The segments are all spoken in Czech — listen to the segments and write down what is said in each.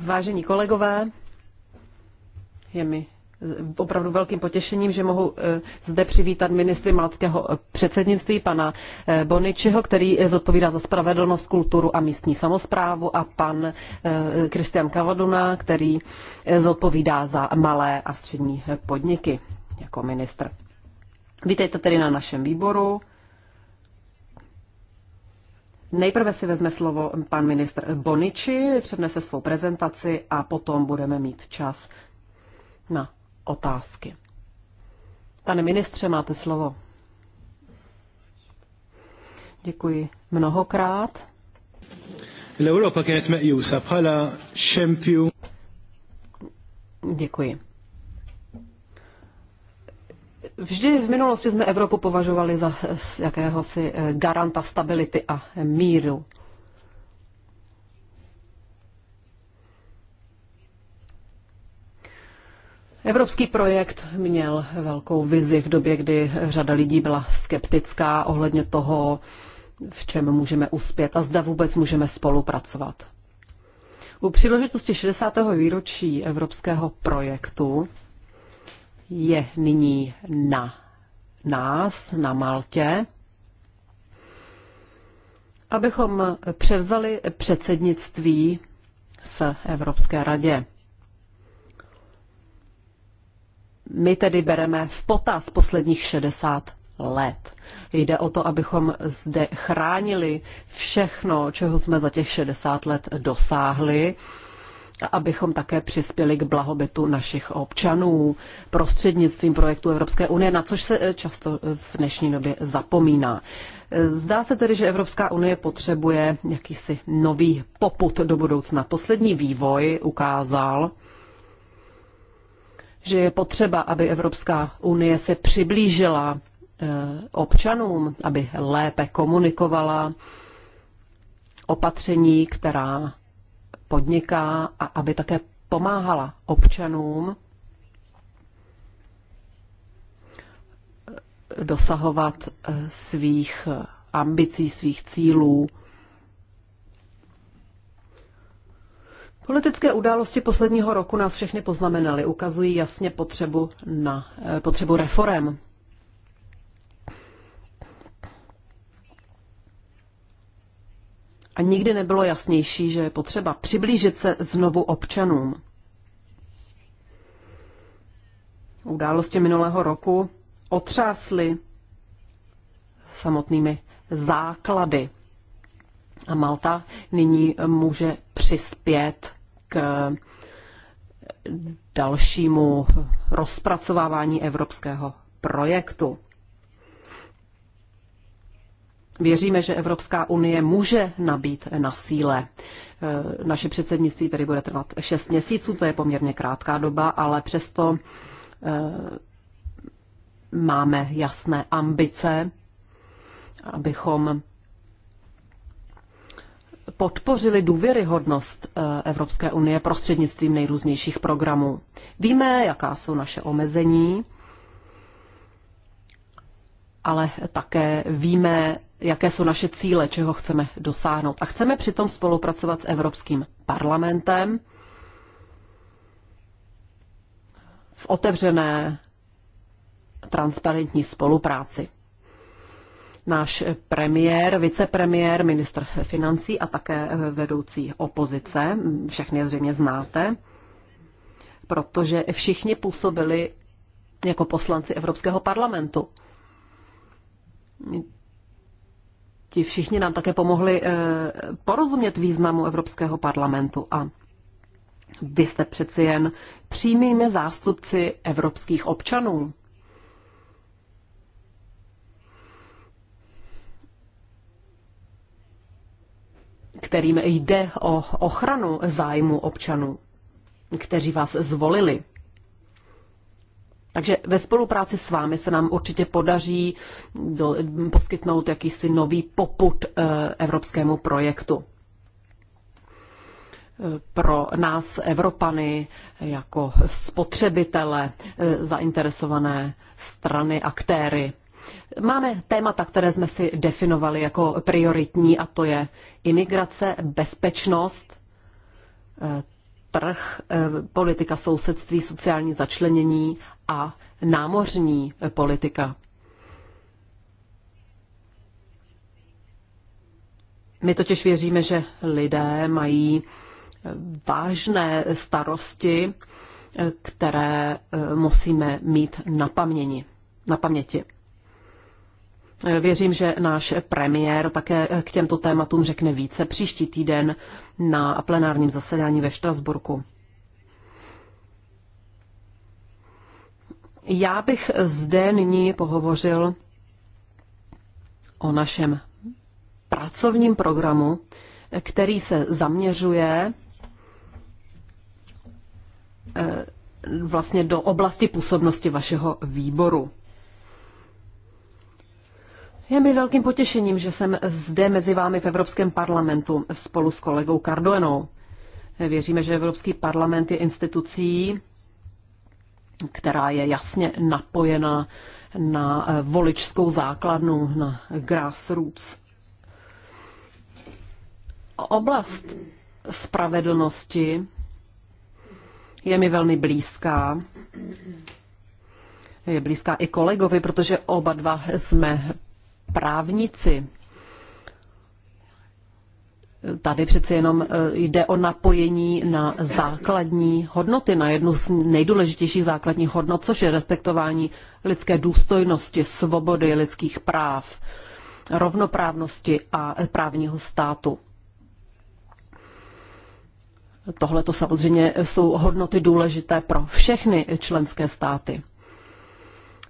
Vážení kolegové, je mi eh, opravdu velkým potěšením, že mohu eh, zde přivítat ministry malckého eh, předsednictví, pana Boničiho, který zodpovídá za spravedlnost, kulturu a místní samozprávu a pan Kristian Kavaduna, který zodpovídá za malé a střední podniky jako ministr. Vítejte tedy na našem výboru. Nejprve si vezme slovo pan ministr Boniči, přednese svou prezentaci a potom budeme mít čas na otázky. Pane ministře, máte slovo. Děkuji mnohokrát. L-Europa kienet meqjusa bħala xempju. Děkuji. Vždy v minulosti jsme Evropu považovali za eh, jakéhosi eh, garanta stability a míru. Evropský projekt měl velkou vizi v době, kdy řada lidí byla skeptická ohledně toho, v čem můžeme uspět a zda vůbec můžeme spolupracovat. U příležitosti 60. výročí evropského projektu je nyní na nás, na Maltě, abychom převzali předsednictví v Evropské radě. My tedy bereme v potaz posledních 60 let. Jde o to, abychom zde chránili všechno, čeho jsme za těch 60 let dosáhli abychom také přispěli k blahobytu našich občanů prostřednictvím projektu Evropské unie, na což se eh, často eh, v dnešní době zapomíná. Eh, zdá se tedy, že Evropská unie potřebuje jakýsi nový poput do budoucna. Poslední vývoj ukázal, že je potřeba, aby Evropská unie se přiblížila občanům, aby lépe komunikovala opatření, která podniká a aby také pomáhala občanům dosahovat eh, svých eh, ambicí, svých cílů. Politické události posledního roku nás všechny poznamenaly, ukazují jasně potřebu, na, eh, potřebu reform. A nikdy nebylo jasnější, že je potřeba přiblížit se znovu občanům. Události minulého roku otřásly samotnými základy. A Malta nyní může přispět k dalšímu rozpracovávání evropského projektu. Věříme, že Evropská unie může nabít na síle. E, naše předsednictví tedy bude trvat 6 měsíců, to je poměrně krátká doba, ale přesto e, máme jasné ambice, abychom podpořili důvěryhodnost e, Evropské unie prostřednictvím nejrůznějších programů. Víme, jaká jsou naše omezení, ale také víme, jaké jsou naše cíle, čeho chceme dosáhnout. A chceme přitom spolupracovat s Evropským parlamentem v otevřené transparentní spolupráci. Náš premiér, vicepremiér, ministr financí a také vedoucí opozice, všechny zřejmě znáte, protože všichni působili jako poslanci Evropského parlamentu ti všichni nám také pomohli eh, porozumět významu Evropského parlamentu a vy jste přeci jen přímými zástupci evropských občanů. kterým jde o ochranu zájmu občanů, kteří vás zvolili. Takže ve spolupráci s vámi se nám určitě podaří do, poskytnout jakýsi nový poput eh, evropskému projektu. Pro nás, Evropany, jako spotřebitele, eh, zainteresované strany, aktéry. Máme témata, které jsme si definovali jako prioritní, a to je imigrace, bezpečnost, eh, trh, politika sousedství, sociální začlenění a námořní politika. My totiž věříme, že lidé mají vážné starosti, které eh, musíme mít na paměti. Na paměti. Věřím, že náš premiér také eh, k těmto tématům řekne více příští týden na plenárním zasedání ve Štrasburku. Já bych zde nyní pohovořil o našem pracovním programu, který se zaměřuje eh, vlastně do oblasti působnosti vašeho výboru. Je mi velkým potěšením, že jsem zde mezi vámi v Evropském parlamentu spolu s kolegou Cardoenou. Věříme, že Evropský parlament je institucí, která je jasně napojena na eh, voličskou základnu, na grassroots. Oblast spravedlnosti je mi velmi blízká. Je blízká i kolegovi, protože oba dva jsme právníci. Tady přeci jenom e, jde o napojení na základní hodnoty, na jednu z nejdůležitějších základních hodnot, což je respektování lidské důstojnosti, svobody lidských práv, rovnoprávnosti a právního státu. Tohle to samozřejmě jsou hodnoty důležité pro všechny členské státy.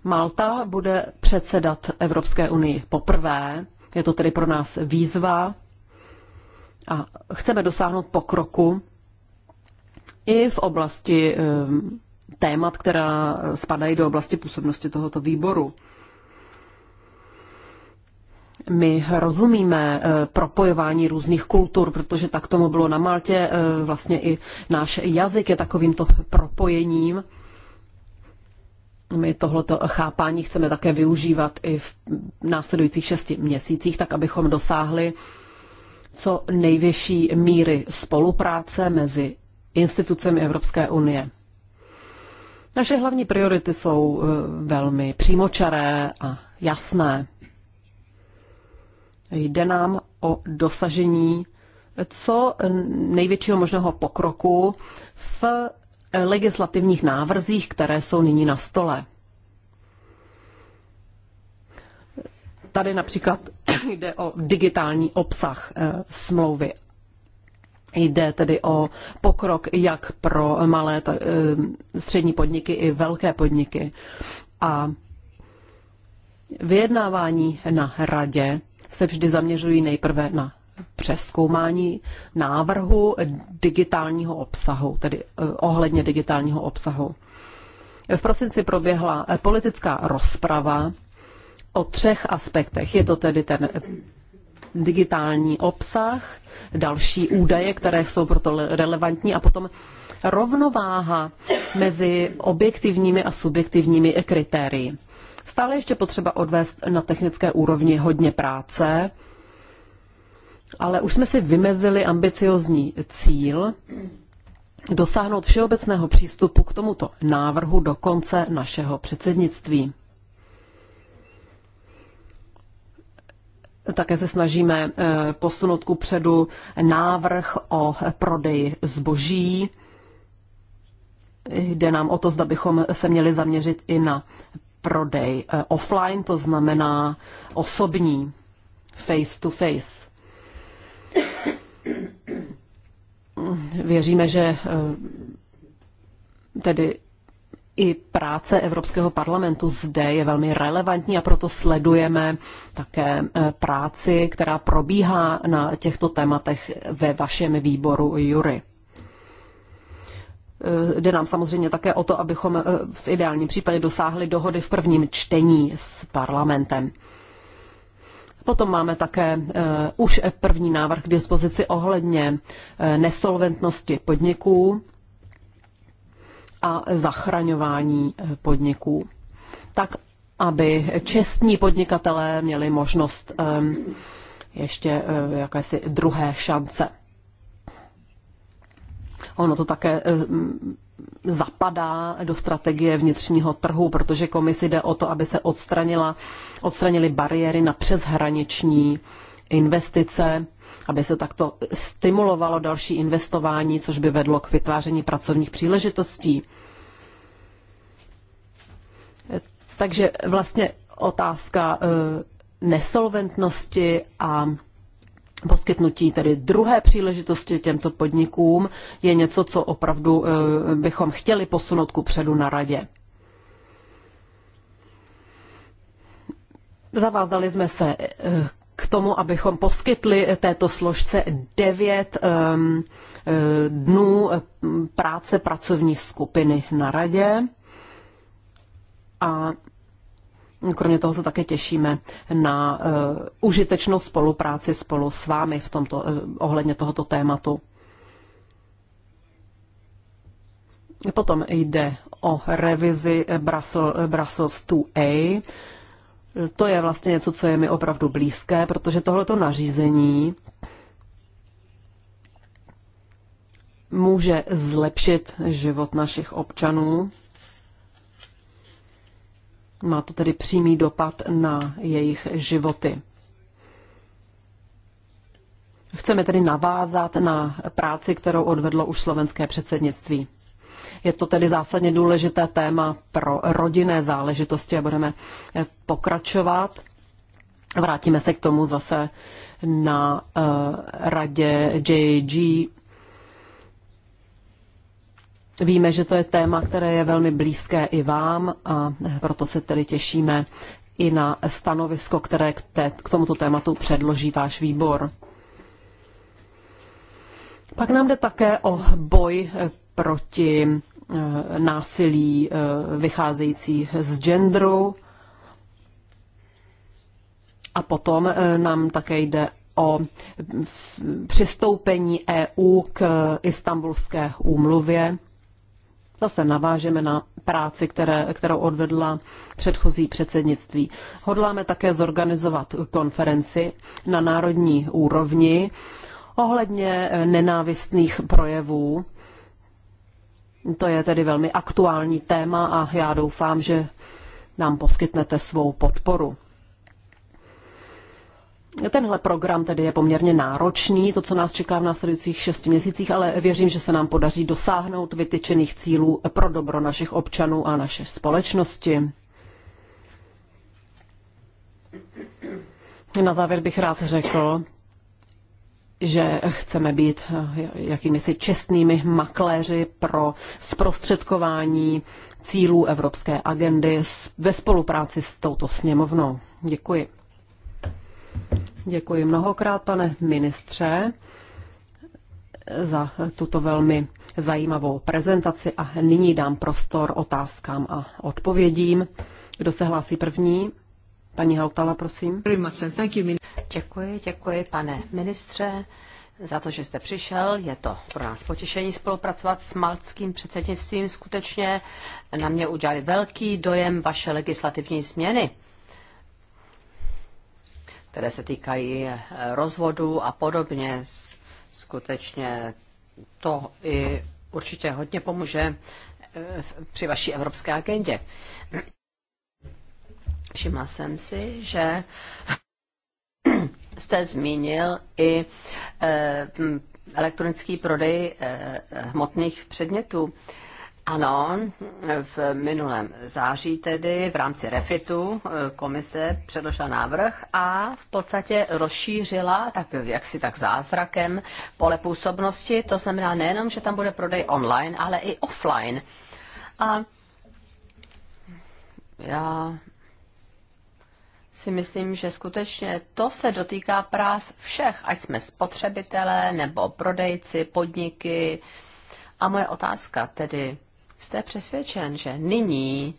Malta bude předsedat Evropské unii poprvé. Je to tedy pro nás výzva, a chceme dosáhnout pokroku i v oblasti ehm, témat, která spadají do oblasti působnosti tohoto výboru. My rozumíme eh, propojování různých kultur, protože tak tomu bylo na Maltě. Eh, vlastně i náš jazyk je takovýmto propojením. My tohleto chápání chceme také využívat i v následujících šesti měsících, tak abychom dosáhli co nejvyšší míry spolupráce mezi institucemi Evropské unie. Naše hlavní priority jsou eh, velmi přímočaré a jasné. Jde nám o dosažení eh, co největšího možného pokroku v eh, legislativních návrzích, které jsou nyní na stole. Tady například jde o digitální obsah eh, smlouvy. Jde tedy o pokrok jak pro malé, eh, střední podniky i velké podniky. A vyjednávání na radě se vždy zaměřují nejprve na přeskoumání návrhu digitálního obsahu, tedy eh, ohledně digitálního obsahu. V prosinci proběhla politická rozprava o třech aspektech. Je to tedy ten digitální obsah, další údaje, které jsou proto relevantní a potom rovnováha mezi objektivními a subjektivními kritérii. Stále ještě potřeba odvést na technické úrovni hodně práce, ale už jsme si vymezili ambiciozní cíl dosáhnout všeobecného přístupu k tomuto návrhu do konce našeho předsednictví. Také se snažíme eh, posunout ku předu návrh o prodeji zboží. Jde nám o to, zda bychom se měli zaměřit i na prodej eh, offline, to znamená osobní, face to face. Věříme, že eh, tedy i práce Evropského parlamentu zde je velmi relevantní a proto sledujeme také e, práci, která probíhá na těchto tématech ve vašem výboru Jury. E, jde nám samozřejmě také o to, abychom e, v ideálním případě dosáhli dohody v prvním čtení s parlamentem. Potom máme také uh, už první návrh k dispozici ohledně uh, nesolventnosti podniků a zachraňování eh, podniků, tak aby čestní podnikatelé měli možnost ehm, ještě eh, jakési druhé šance. Ono to také eh, zapadá do strategie vnitřního trhu, protože komisi jde o to, aby se odstranila, odstranili bariéry na přeshraniční investice, aby se takto stimulovalo další investování, což by vedlo k vytváření pracovních příležitostí. Takže vlastně otázka eh, nesolventnosti a poskytnutí tedy druhé příležitosti těmto podnikům je něco, co opravdu eh, bychom chtěli posunout ku předu na radě. Zavázali jsme se eh, k tomu, abychom poskytli této složce devět um, eh, dnů eh, práce pracovní skupiny na radě. A kromě toho se také těšíme na uh, užitečnou spolupráci spolu s vámi v tomto, uh, ohledně tohoto tématu. Potom jde o revizi Brussels, Brussels 2A, to je vlastně něco, co je mi opravdu blízké, protože tohleto nařízení může zlepšit život našich občanů. Má to tedy přímý dopad na jejich životy. Chceme tedy navázat na práci, kterou odvedlo už slovenské předsednictví. Je to tedy zásadně důležité téma pro rodinné záležitosti a budeme eh, pokračovat. Vrátíme se k tomu zase na uh, radě JG. Víme, že to je téma, které je velmi blízké i vám a proto se tedy těšíme i na stanovisko, které k, te, k tomuto tématu předloží váš výbor. Pak nám jde také o boj proti eh, násilí eh, vycházející z genderu. A potom eh, nám také jde o přistoupení EU k istambulské úmluvě. Zase navážeme na práci, které, kterou odvedla předchozí předsednictví. Hodláme také zorganizovat konferenci na národní úrovni ohledně nenávistných projevů to je tedy velmi aktuální téma a já doufám, že nám poskytnete svou podporu. Tenhle program tedy je poměrně náročný, to, co nás čeká v následujících šesti měsících, ale věřím, že se nám podaří dosáhnout vytyčených cílů pro dobro našich občanů a naše společnosti. Na závěr bych rád řekl, že chceme být eh, jakými si čestnými makléři pro zprostředkování cílů evropské agendy ve spolupráci s touto sněmovnou. Děkuji. Děkuji mnohokrát, pane ministře, za tuto velmi zajímavou prezentaci a nyní dám prostor otázkám a odpovědím. Kdo se hlásí první? Paní Hautala, prosím. Děkuji, děkuji, pane ministře, za to, že jste přišel. Je to pro nás potěšení spolupracovat s maltským předsednictvím. Skutečně na mě udělali velký dojem vaše legislativní změny které se týkají eh, rozvodu a podobně. Skutečně to i určitě hodně pomůže eh, při vaší evropské agendě. Všimla jsem si, že jste zmínil i eh, elektronický prodej eh, hmotných předmětů. Ano, v minulém září tedy v rámci refitu eh, komise předložila návrh a v podstatě rozšířila, tak jaksi tak zázrakem, pole působnosti. To znamená nejenom, že tam bude prodej online, ale i offline. A já si myslím, že skutečně to se dotýká práv všech, ať jsme spotřebitelé nebo prodejci, podniky. A moje otázka tedy, jste přesvědčen, že nyní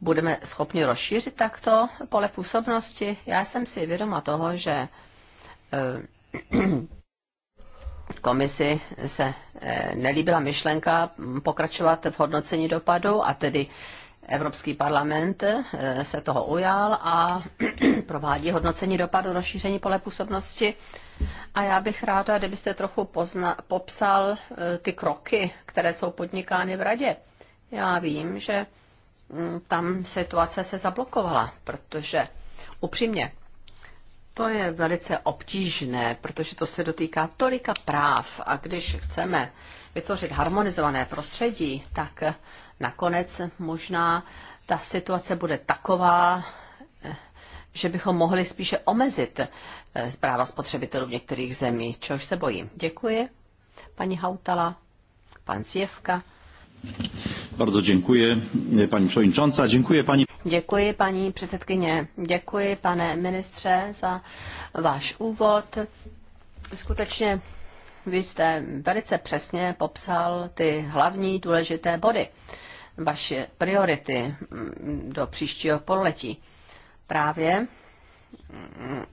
budeme schopni rozšířit takto pole působnosti? Já jsem si vědoma toho, že eh, komisi se eh, nelíbila myšlenka pokračovat v hodnocení dopadu a tedy Evropský parlament eh, se toho ujal a provádí hodnocení dopadu rozšíření pole působnosti. A já bych ráda, kdybyste trochu pozna, popsal eh, ty kroky, které jsou podnikány v radě. Já vím, že mm, tam situace se zablokovala, protože upřímně, to je velice obtížné, protože to se dotýká tolika práv a když chceme vytvořit harmonizované prostředí, tak nakonec možná ta situace bude taková, eh, že bychom mohli spíše omezit eh, práva spotřebitelů v některých zemích, což se bojím. Děkuji. Paní Hautala, pan Sjevka. Bardzo dziękuję eh, pani przewodnicząca, dziękuję pani. Děkuji paní předsedkyně, děkuji pane ministře za váš úvod. Skutečně vy jste velice přesně popsal ty hlavní důležité body, vaše priority mm, do příštího pololetí. Právě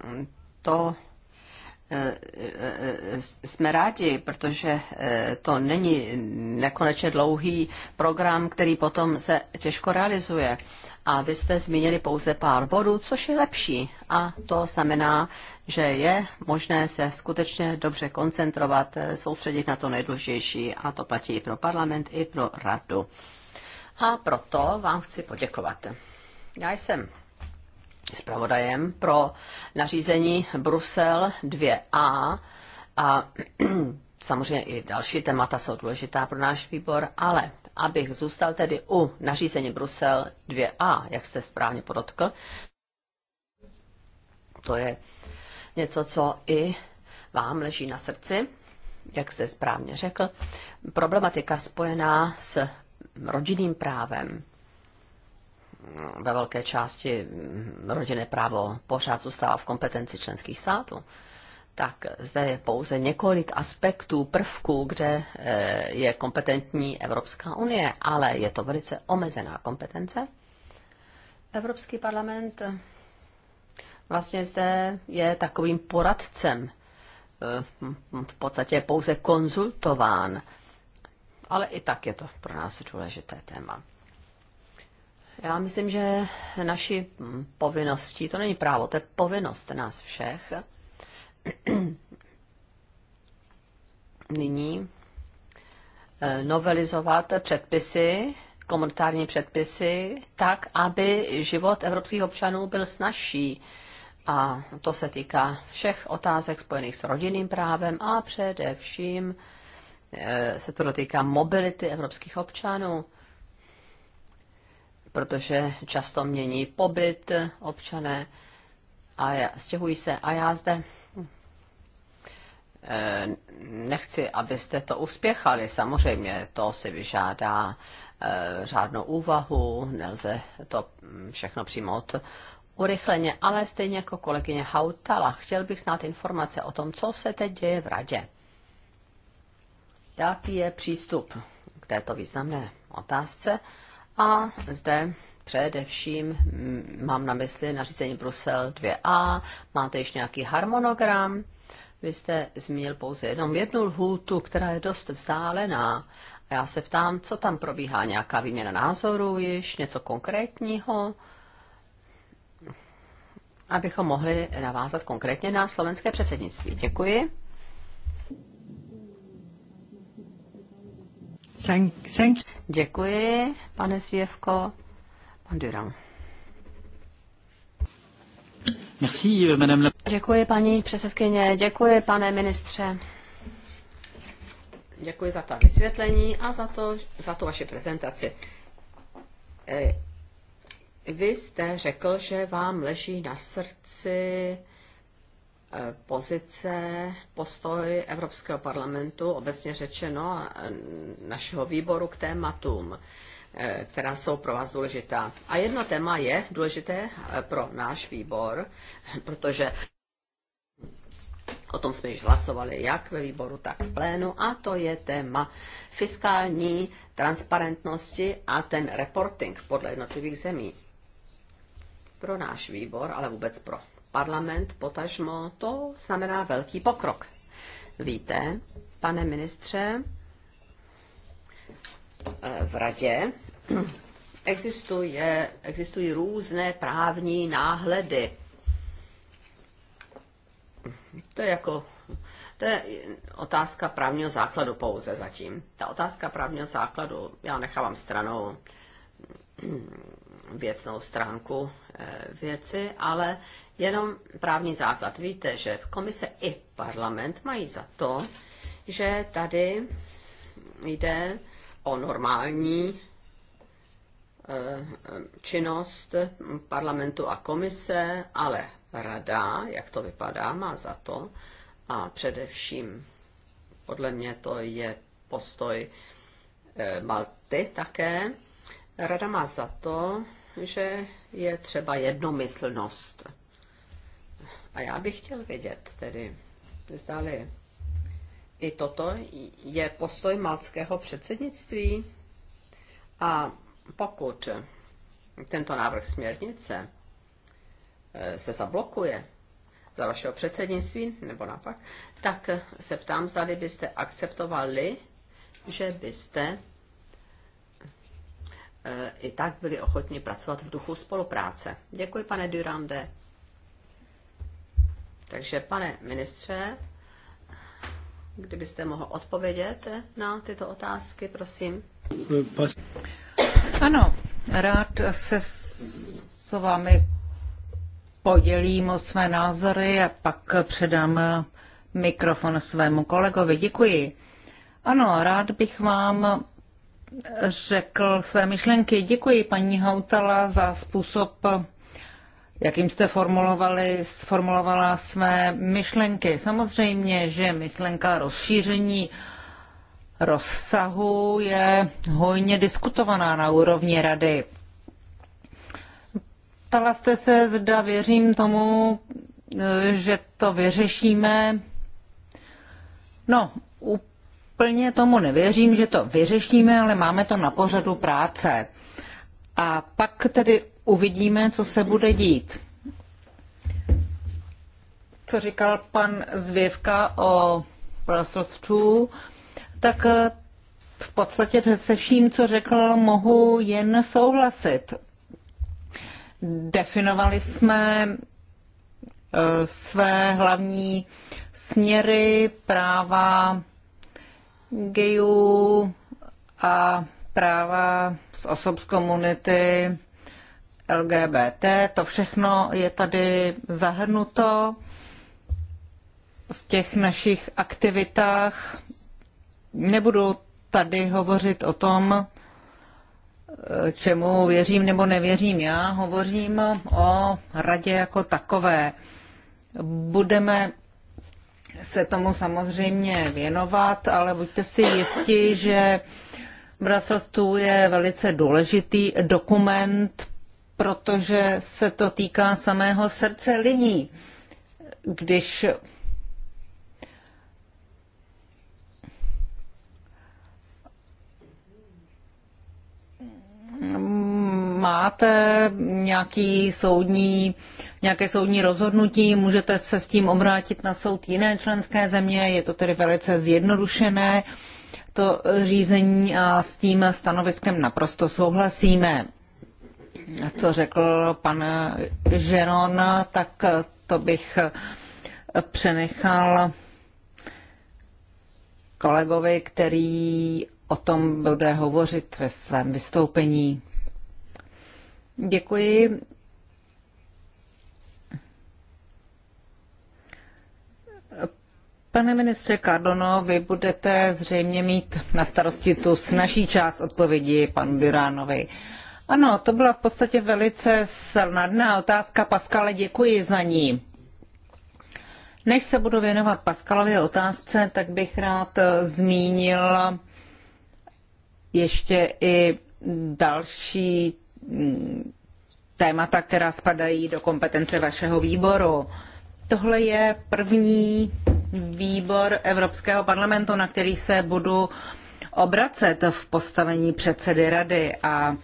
mm, to e, e, e, jsme rádi, protože to není nekonečně dlouhý program, který potom se těžko realizuje. A vy jste zmínili pouze pár bodů, což je lepší. A to znamená, že je možné se skutečně dobře koncentrovat, eh, soustředit na to nejdůležitější. A to platí i pro parlament, i pro radu. A proto vám chci poděkovat. Já jsem zpravodajem pro nařízení Brusel 2a a samozřejmě i další témata jsou důležitá pro náš výbor, ale abych zůstal tedy u nařízení Brusel 2a, jak jste správně podotkl, to je něco, co i vám leží na srdci, jak jste správně řekl. Problematika spojená s rodinným právem. Ve velké části rodinné právo pořád zůstává v kompetenci členských států tak zde je pouze několik aspektů, prvků, kde eh, je kompetentní Evropská unie, ale je to velice omezená kompetence. Evropský parlament eh, vlastně zde je takovým poradcem, eh, v podstatě je pouze konzultován, ale i tak je to pro nás důležité téma. Já myslím, že naši povinností, to není právo, to je povinnost nás všech, nyní eh, novelizovat předpisy, komunitární předpisy, tak, aby život evropských občanů byl snažší. A to se týká všech otázek spojených s rodinným právem a především eh, se to dotýká mobility evropských občanů, protože často mění pobyt eh, občané a stěhují se. A já zde Eh, nechci, abyste to uspěchali. Samozřejmě to si vyžádá eh, řádnou úvahu, nelze to hm, všechno přijmout urychleně, ale stejně jako kolegyně Hautala, chtěl bych znát informace o tom, co se teď děje v radě. Jaký je přístup k této významné otázce? A zde především hm, mám na mysli nařízení Brusel 2a. Máte již nějaký harmonogram? Vy jste zmínil pouze jenom jednu lhůtu, která je dost vzdálená. A já se ptám, co tam probíhá, nějaká výměna názorů již, něco konkrétního, abychom mohli navázat konkrétně na slovenské předsednictví. Děkuji. Thank, thank. Děkuji, pane Zvěvko. Pan Durán. Merci, madame la... Děkuji, paní předsedkyně, děkuji, pane ministře. Děkuji za ta vysvětlení a za, to, za tu vaši prezentaci. E, vy jste řekl, že vám leží na srdci e, pozice, postoj Evropského parlamentu, obecně řečeno e, našeho výboru k tématům Eh, která jsou pro vás důležitá. A jedno téma je důležité eh, pro náš výbor, protože O tom jsme již hlasovali jak ve výboru, tak v plénu a to je téma fiskální transparentnosti a ten reporting podle jednotlivých zemí. Pro náš výbor, ale vůbec pro parlament, potažmo, to znamená velký pokrok. Víte, pane ministře, v radě existuje, existují různé právní náhledy. To je jako to je otázka právního základu pouze zatím. Ta otázka právního základu, já nechávám stranou věcnou stránku eh, věci, ale jenom právní základ. Víte, že komise i parlament mají za to, že tady jde o normální eh, eh, činnost parlamentu a komise, ale rada, jak to vypadá, má za to, a především podle mě to je postoj eh, Malty také, rada má za to, že je třeba jednomyslnost. A já bych chtěl vědět tedy, zdali i toto je postoj malckého předsednictví. A pokud tento návrh směrnice eh, se zablokuje za vašeho předsednictví, nebo napak, tak se ptám, zda byste akceptovali, že byste eh, i tak byli ochotni pracovat v duchu spolupráce. Děkuji, pane Durande. Takže, pane ministře, Kdybyste mohl odpovědět na tyto otázky, prosím. Ano, rád se s vámi podělím o své názory a pak předám mikrofon svému kolegovi. Děkuji. Ano, rád bych vám řekl své myšlenky. Děkuji paní Hautala za způsob, jakým jste formulovali, sformulovala své myšlenky. Samozřejmě, že myšlenka rozšíření rozsahu je hojně diskutovaná na úrovni rady. Ptala jste se, zda věřím tomu, že to vyřešíme. No, úplně tomu nevěřím, že to vyřešíme, ale máme to na pořadu práce. A pak tedy uvidíme, co se bude dít. Co říkal pan Zvěvka o Brussels 2, tak eh, v podstatě se vším, co řekl, mohu jen souhlasit. Definovali jsme eh, své hlavní směry práva gejů a práva z osob z komunity LGBT, to všechno je tady zahrnuto v těch našich aktivitách. Nebudu tady hovořit o tom, čemu věřím nebo nevěřím já, hovořím o radě jako takové. Budeme se tomu samozřejmě věnovat, ale buďte si jistí, že Brussels je velice důležitý dokument protože se to týká samého srdce lidí. Když máte nějaký soudní, nějaké soudní rozhodnutí, můžete se s tím obrátit na soud jiné členské země, je to tedy velice zjednodušené to řízení a s tím stanoviskem naprosto souhlasíme co řekl pan Žeron, tak to bych přenechal kolegovi, který o tom bude hovořit ve svém vystoupení. Děkuji. Pane ministře Cardono, vy budete zřejmě mít na starosti tu snažší část odpovědi panu Duránovi. Uh, ano, to byla v podstatě velice snadná otázka. Paskale, děkuji za ní. Než se budu věnovat Paskalově otázce, tak bych rád zmínil ještě i další mm, témata, která spadají do kompetence vašeho výboru. Tohle je první výbor Evropského parlamentu, na který se budu obracet v postavení předsedy rady a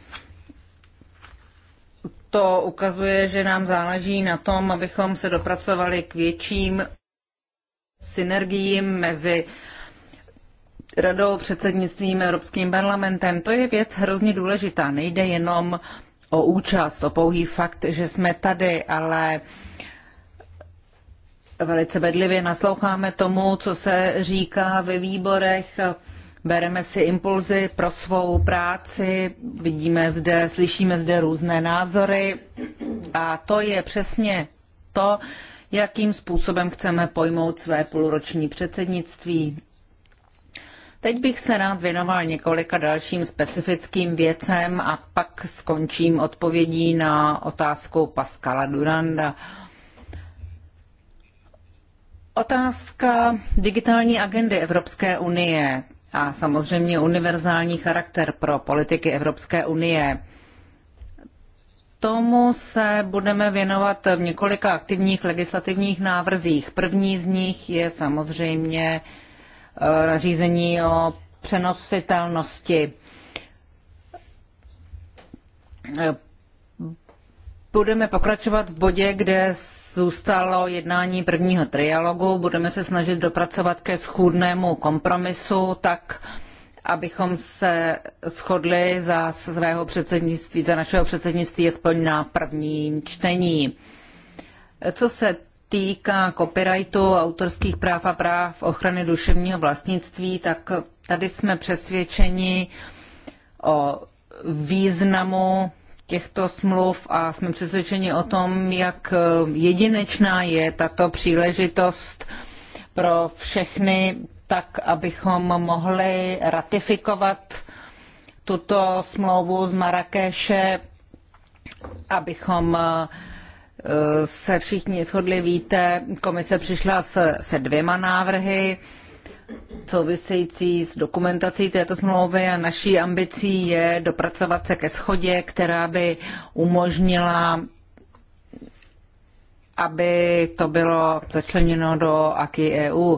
to ukazuje, že nám záleží na tom, abychom se dopracovali k větším synergiím mezi radou, předsednictvím, Evropským parlamentem. To je věc hrozně důležitá. Nejde jenom o účast, o pouhý fakt, že jsme tady, ale velice bedlivě nasloucháme tomu, co se říká ve výborech, bereme si impulzy pro svou práci, vidíme zde, slyšíme zde různé názory a to je přesně to, jakým způsobem chceme pojmout své půlroční předsednictví. Teď bych se rád věnoval několika dalším specifickým věcem a pak skončím odpovědí na otázku Pascala Duranda. Otázka digitální agendy Evropské unie a samozřejmě univerzální charakter pro politiky Evropské unie. Tomu se budeme věnovat v několika aktivních legislativních návrzích. První z nich je samozřejmě eh, nařízení o přenositelnosti Budeme pokračovat v bodě, kde zůstalo jednání prvního trialogu. Budeme se snažit dopracovat ke schůdnému kompromisu, tak abychom se shodli za svého předsednictví, za našeho předsednictví aspoň na první čtení. Co se týká copyrightu, autorských práv a práv ochrany duševního vlastnictví, tak tady jsme přesvědčeni o významu těchto smluv a jsme přesvědčeni o tom, jak jedinečná je tato příležitost pro všechny, tak abychom mohli ratifikovat tuto smlouvu z Marrakeše, abychom eh, se všichni shodli, víte, komise přišla se, se dvěma návrhy související s dokumentací této smlouvy a naší ambicí je dopracovat se ke schodě, která by umožnila, aby to bylo začleněno do AKI EU.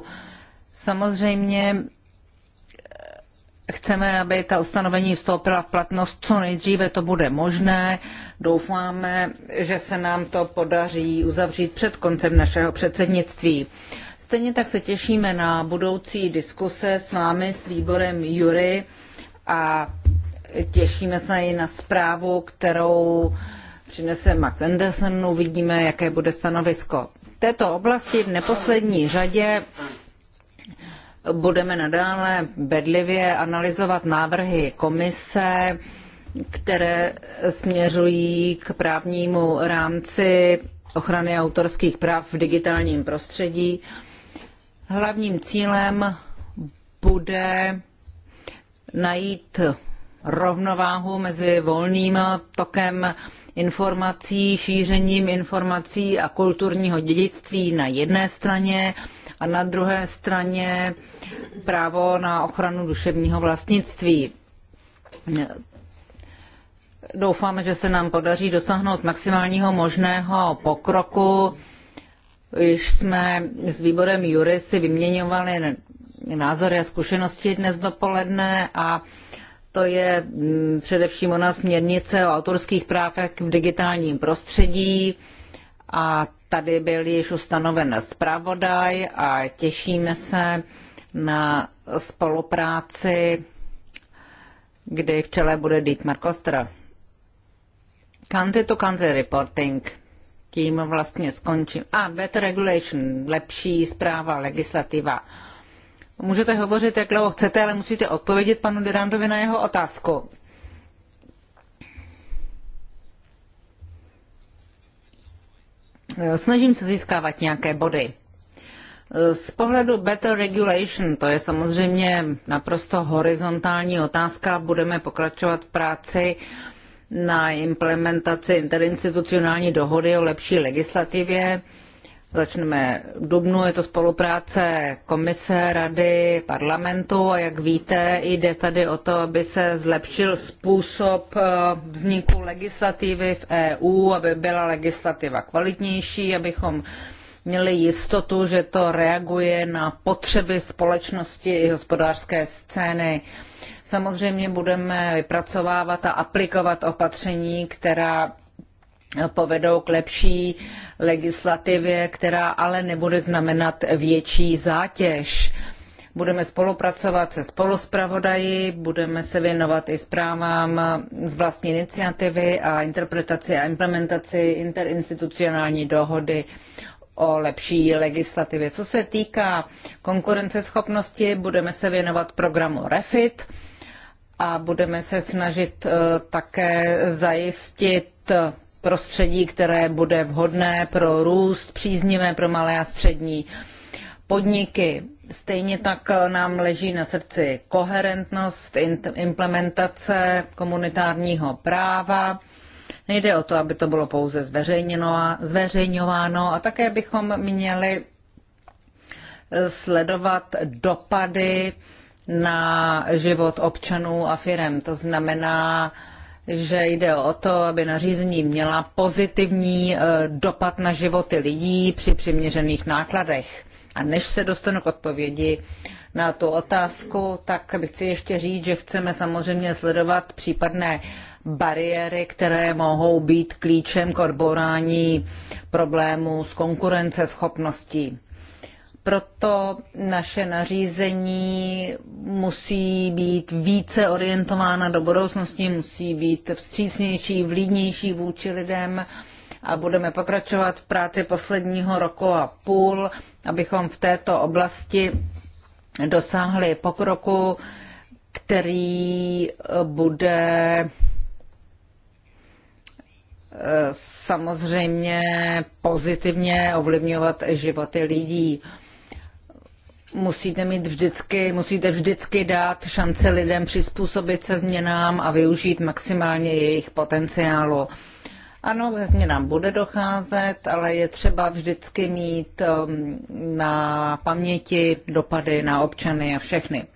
Samozřejmě eh, chceme, aby ta ustanovení vstoupila v platnost co nejdříve, to bude možné. Doufáme, že se nám to podaří uzavřít před koncem našeho předsednictví. Uh, Stejně tak se těšíme na budoucí diskuse s vámi, s výborem Jury a těšíme se i na zprávu, kterou přinese Max Anderson, uvidíme, jaké bude stanovisko. V této oblasti v neposlední řadě budeme nadále bedlivě analyzovat návrhy komise, které směřují k právnímu rámci ochrany autorských práv v digitálním prostředí. Hlavním cílem bude najít rovnováhu mezi volným tokem informací, šířením informací a kulturního dědictví na jedné straně a na druhé straně právo na ochranu duševního vlastnictví. Doufáme, že se nám podaří dosáhnout maximálního možného pokroku Již jsme s výborem Jury si vyměňovali názory a zkušenosti dnes dopoledne a to je mm, především ona směrnice o autorských právech v digitálním prostředí a tady byl již ustanoven zpravodaj a těšíme se na spolupráci, kdy v čele bude Dietmar Kostra. Country to country reporting tím vlastně skončím. A, better regulation, lepší zpráva, legislativa. Můžete hovořit, jak dlouho chcete, ale musíte odpovědět panu Derandovi na jeho otázku. Snažím se získávat nějaké body. Z pohledu better regulation, to je samozřejmě naprosto horizontální otázka, budeme pokračovat v práci na implementaci interinstitucionální dohody o lepší legislativě. Začneme v Dubnu, je to spolupráce komise, rady, parlamentu a jak víte, jde tady o to, aby se zlepšil způsob eh, vzniku legislativy v EU, aby byla legislativa kvalitnější, abychom měli jistotu, že to reaguje na potřeby společnosti i hospodářské scény. Samozřejmě budeme vypracovávat a aplikovat opatření, která povedou k lepší legislativě, která ale nebude znamenat větší zátěž. Budeme spolupracovat se spoluspravodaji, budeme se věnovat i zprávám z vlastní iniciativy a interpretaci a implementaci interinstitucionální dohody o lepší legislativě. Co se týká konkurenceschopnosti, budeme se věnovat programu REFIT a budeme se snažit eh, také zajistit prostředí, které bude vhodné pro růst, příznivé pro malé a střední podniky. Stejně tak eh, nám leží na srdci koherentnost implementace komunitárního práva. Nejde o to, aby to bylo pouze zveřejňováno a také bychom měli eh, sledovat dopady na život občanů a firem. To znamená, že jde o to, aby nařízení měla pozitivní eh, dopad na životy lidí při přiměřených nákladech. A než se dostanu k odpovědi na tu otázku, tak bych chci ještě říct, že chceme samozřejmě sledovat případné bariéry, které mohou být klíčem k odborání problémů s konkurenceschopností. Proto naše nařízení musí být více orientována do budoucnosti, musí být vstřícnější, vlídnější vůči lidem a budeme pokračovat v práci posledního roku a půl, abychom v této oblasti dosáhli pokroku, který bude eh, samozřejmě pozitivně ovlivňovat životy lidí musíte mít vždycky, musíte vždycky dát šance lidem přizpůsobit se změnám a využít maximálně jejich potenciálu. Ano, ve změnám bude docházet, ale je třeba vždycky mít um, na paměti dopady na občany a všechny.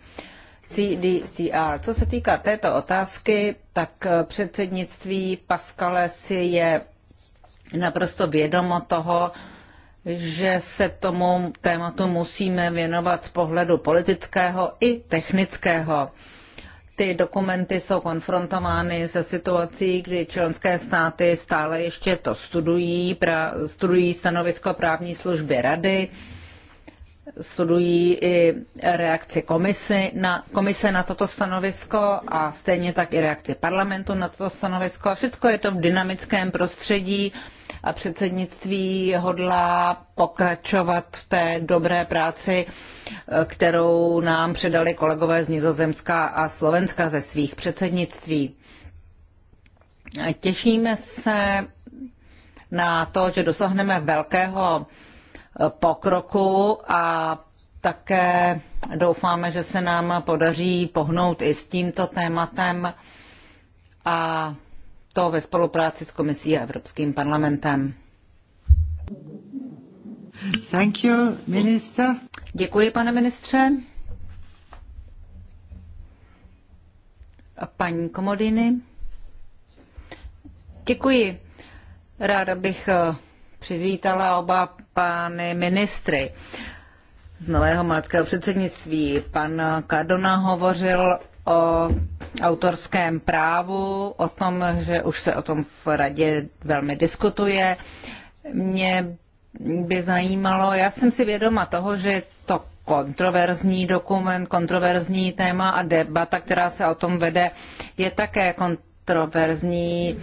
CDCR. Co se týká této otázky, tak eh, předsednictví Paskale si je naprosto vědomo toho, že se tomu tématu musíme věnovat z pohledu politického i technického. Ty dokumenty jsou konfrontovány se situací, kdy členské státy stále ještě to studují, pra, studují stanovisko právní služby rady, studují i reakci komisy na, komise na toto stanovisko a stejně tak i reakci parlamentu na toto stanovisko. Všechno je to v dynamickém prostředí a předsednictví hodlá pokračovat v té dobré práci, eh, kterou nám předali kolegové z Nizozemska a Slovenska ze svých předsednictví. Těšíme se na to, že dosáhneme velkého eh, pokroku a také doufáme, že se nám podaří pohnout i s tímto tématem a to ve spolupráci s Komisí a Evropským parlamentem. Thank you, minister. Děkuji, pane ministře. A paní Komodiny. Děkuji. Ráda bych eh, přizvítala oba pány ministry z nového malckého předsednictví. Pan Cardona hovořil o autorském právu, o tom, že už se o tom v radě velmi diskutuje. Mě by zajímalo, já jsem si vědoma toho, že to kontroverzní dokument, kontroverzní téma a debata, která se o tom vede, je také kontroverzní,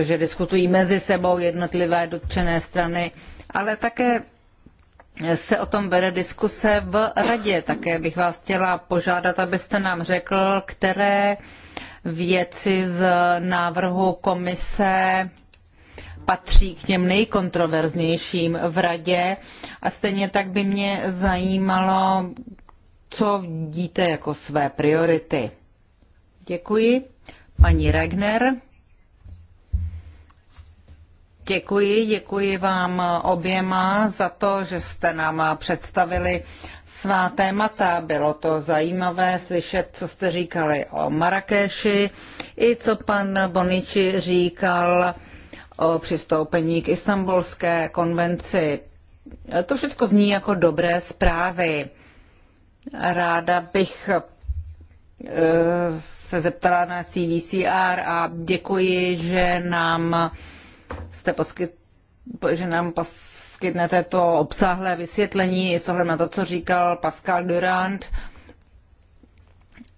že diskutují mezi sebou jednotlivé dotčené strany, ale také se o tom vede diskuse v radě. Také bych vás chtěla požádat, abyste nám řekl, které věci z návrhu komise patří k těm nejkontroverznějším v radě. A stejně tak by mě zajímalo, co vidíte jako své priority. Děkuji. Paní Regner. Děkuji, děkuji vám oběma za to, že jste nám představili svá témata. Bylo to zajímavé slyšet, co jste říkali o Marrakeši i co pan Boniči říkal o přistoupení k Istanbulské konvenci. To všechno zní jako dobré zprávy. Ráda bych eh, se zeptala na CVCR a děkuji, že nám jste poskyt, že nám poskytnete to obsáhlé vysvětlení s ohledem na to, co říkal Pascal Durand.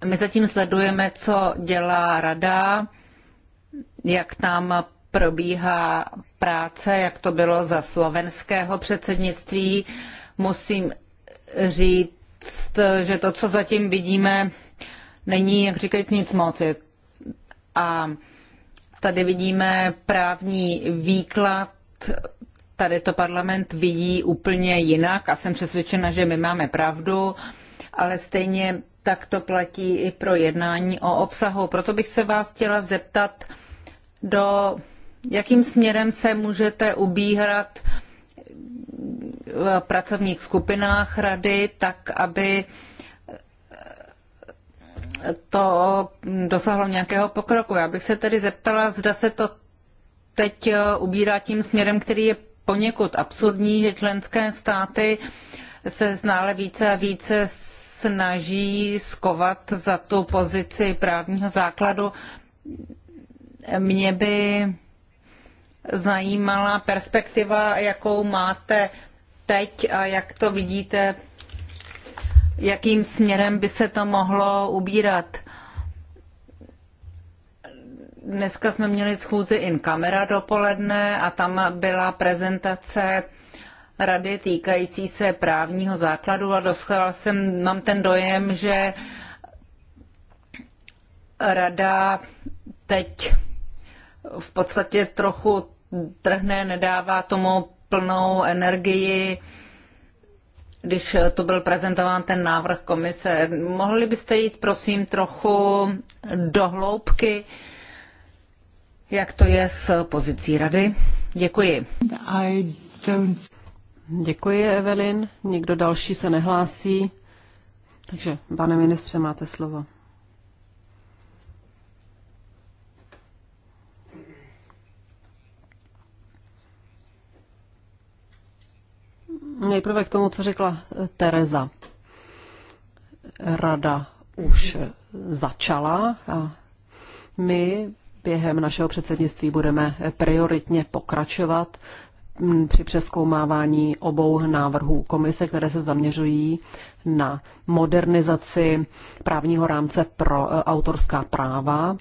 My zatím sledujeme, co dělá rada, jak tam probíhá práce, jak to bylo za slovenského předsednictví. Musím říct, že to, co zatím vidíme, není, jak říkajíc, nic moc. A Tady vidíme právní výklad, tady to parlament vidí úplně jinak a jsem přesvědčena, že my máme pravdu, ale stejně tak to platí i pro jednání o obsahu. Proto bych se vás chtěla zeptat, do jakým směrem se můžete ubíhat v pracovních skupinách rady, tak aby to dosáhlo nějakého pokroku. Já bych se tedy zeptala, zda se to teď eh, ubírá tím směrem, který je poněkud absurdní, že členské státy se znále více a více snaží skovat za tu pozici právního základu. Mě by zajímala perspektiva, jakou máte teď a jak to vidíte jakým směrem by se to mohlo ubírat. Dneska jsme měli schůzi in camera dopoledne a tam byla prezentace rady týkající se právního základu a dostal jsem, mám ten dojem, že rada teď v podstatě trochu trhne, nedává tomu plnou energii, když eh, tu byl prezentován ten návrh komise. Mohli byste jít, prosím, trochu do hloubky, jak to je s pozicí rady? Děkuji. I don't... Děkuji, Evelyn. Nikdo další se nehlásí. Takže, pane ministře, máte slovo. Nejprve k tomu, co řekla eh, Tereza. Rada už eh, začala a my během našeho předsednictví budeme eh, prioritně pokračovat mm, při přeskoumávání obou návrhů komise, které se zaměřují na modernizaci právního rámce pro autorská práva.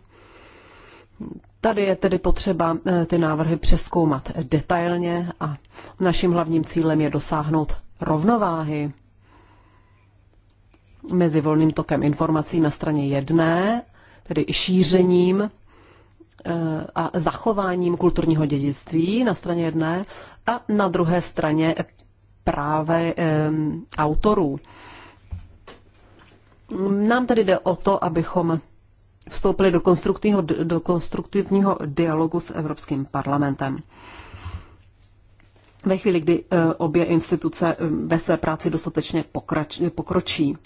Tady je tedy potřeba eh, ty návrhy přeskoumat detailně a naším hlavním cílem je dosáhnout rovnováhy mezi volným tokem informací na straně jedné, tedy šířením eh, a zachováním kulturního dědictví na straně jedné a na druhé straně právě eh, autorů. Nám tedy jde o to, abychom vstoupili do konstruktivního, do konstruktivního dialogu s Evropským parlamentem. Ve chvíli, kdy eh, obě instituce eh, ve své práci dostatečně pokročí.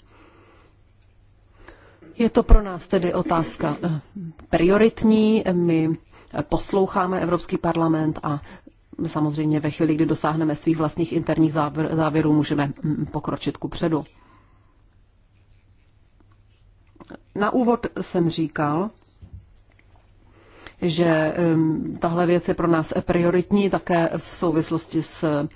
Je to pro nás tedy otázka eh, prioritní. My posloucháme Evropský parlament a samozřejmě ve chvíli, kdy dosáhneme svých vlastních interních závěrů, můžeme mm, pokročit ku předu. Na úvod jsem říkal, že tahle věc je pro nás prioritní také v souvislosti s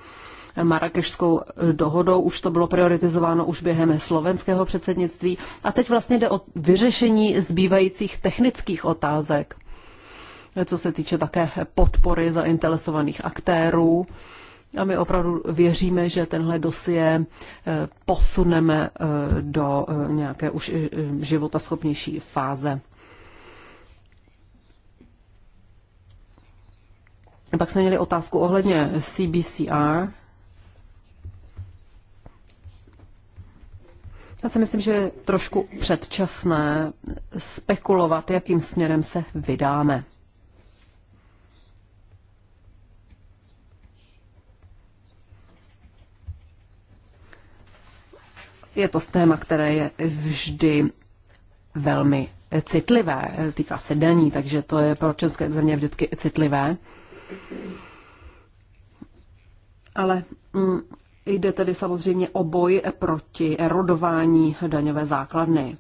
eh, Marrakešskou dohodou, už to bylo prioritizováno už během slovenského předsednictví a teď vlastně jde o vyřešení zbývajících technických otázek, co se týče také podpory zainteresovaných aktérů, a my opravdu věříme, že tenhle dosie eh, posuneme eh, do eh, nějaké už životaschopnější fáze. Pak jsme měli otázku ohledně CBCR. Já si myslím, že je trošku předčasné spekulovat, jakým směrem se vydáme. Je to téma, které je vždy velmi citlivé. Týká se daní, takže to je pro české země vždycky citlivé. Ale mm, jde tedy samozřejmě o boj proti erodování daňové základny.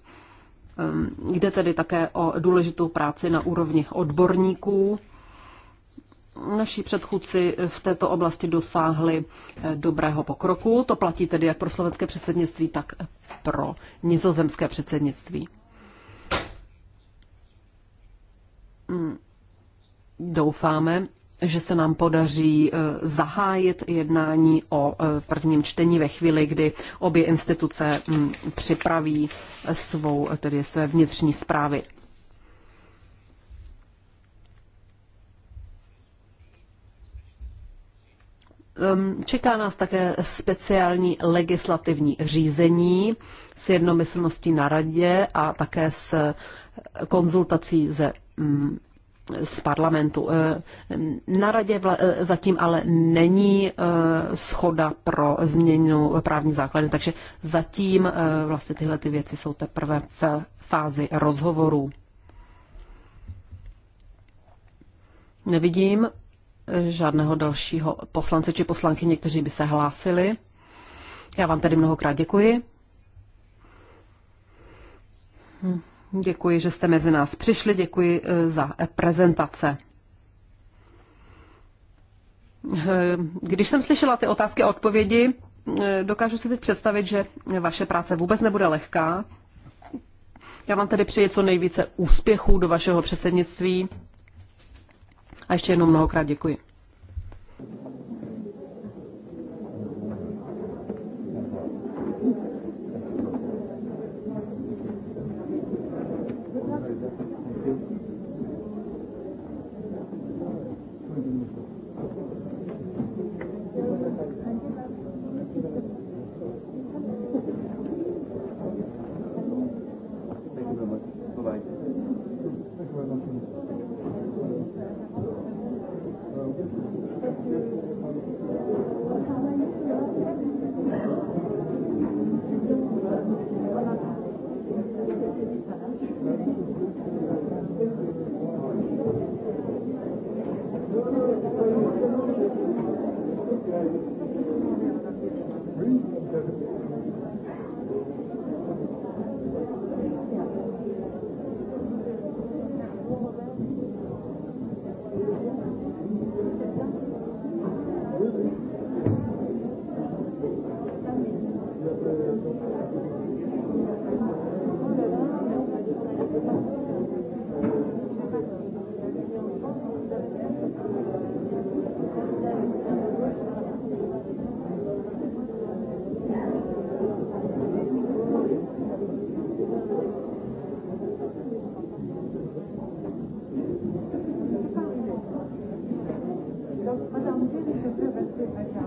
Mm, jde tedy také o důležitou práci na úrovni odborníků, naši předchůdci v této oblasti dosáhli eh, dobrého pokroku. To platí tedy jak pro slovenské předsednictví, tak pro nizozemské předsednictví. Hmm. Doufáme, že se nám podaří eh, zahájit jednání o eh, prvním čtení ve chvíli, kdy obě instituce hm, připraví svou, tedy své vnitřní zprávy. Ehm, čeká nás také speciální legislativní řízení s jednomyslností na radě a také s eh, konzultací ze, mm, z parlamentu. Ehm, na radě eh, zatím ale není eh, schoda pro změnu právní základy, takže zatím vlastně tyhle ty věci jsou teprve v fázi rozhovorů. Nevidím žádného dalšího poslance či poslankyně, kteří by se hlásili. Já vám tedy mnohokrát děkuji. Hm, děkuji, že jste mezi nás přišli, děkuji eh, za prezentace. Eh, když jsem slyšela ty otázky a odpovědi, eh, dokážu si teď představit, že vaše práce vůbec nebude lehká. Já vám tedy přeji co nejvíce úspěchů do vašeho předsednictví. A ještě jednou mnohokrát děkuji.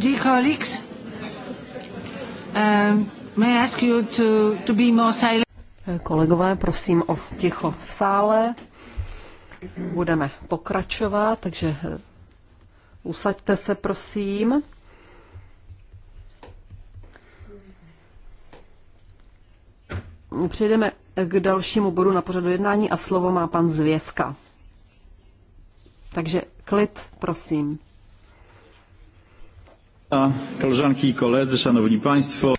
Dear colleagues, um, may I ask you to, to be more silent? Kolegové, prosím o ticho v sále. Budeme pokračovat, takže eh, usaďte se, prosím. Přejdeme k dalšímu bodu na pořadu jednání a slovo má pan Zvěvka. Takže klid, prosím. Koleżanki i koledzy, szanowni państwo.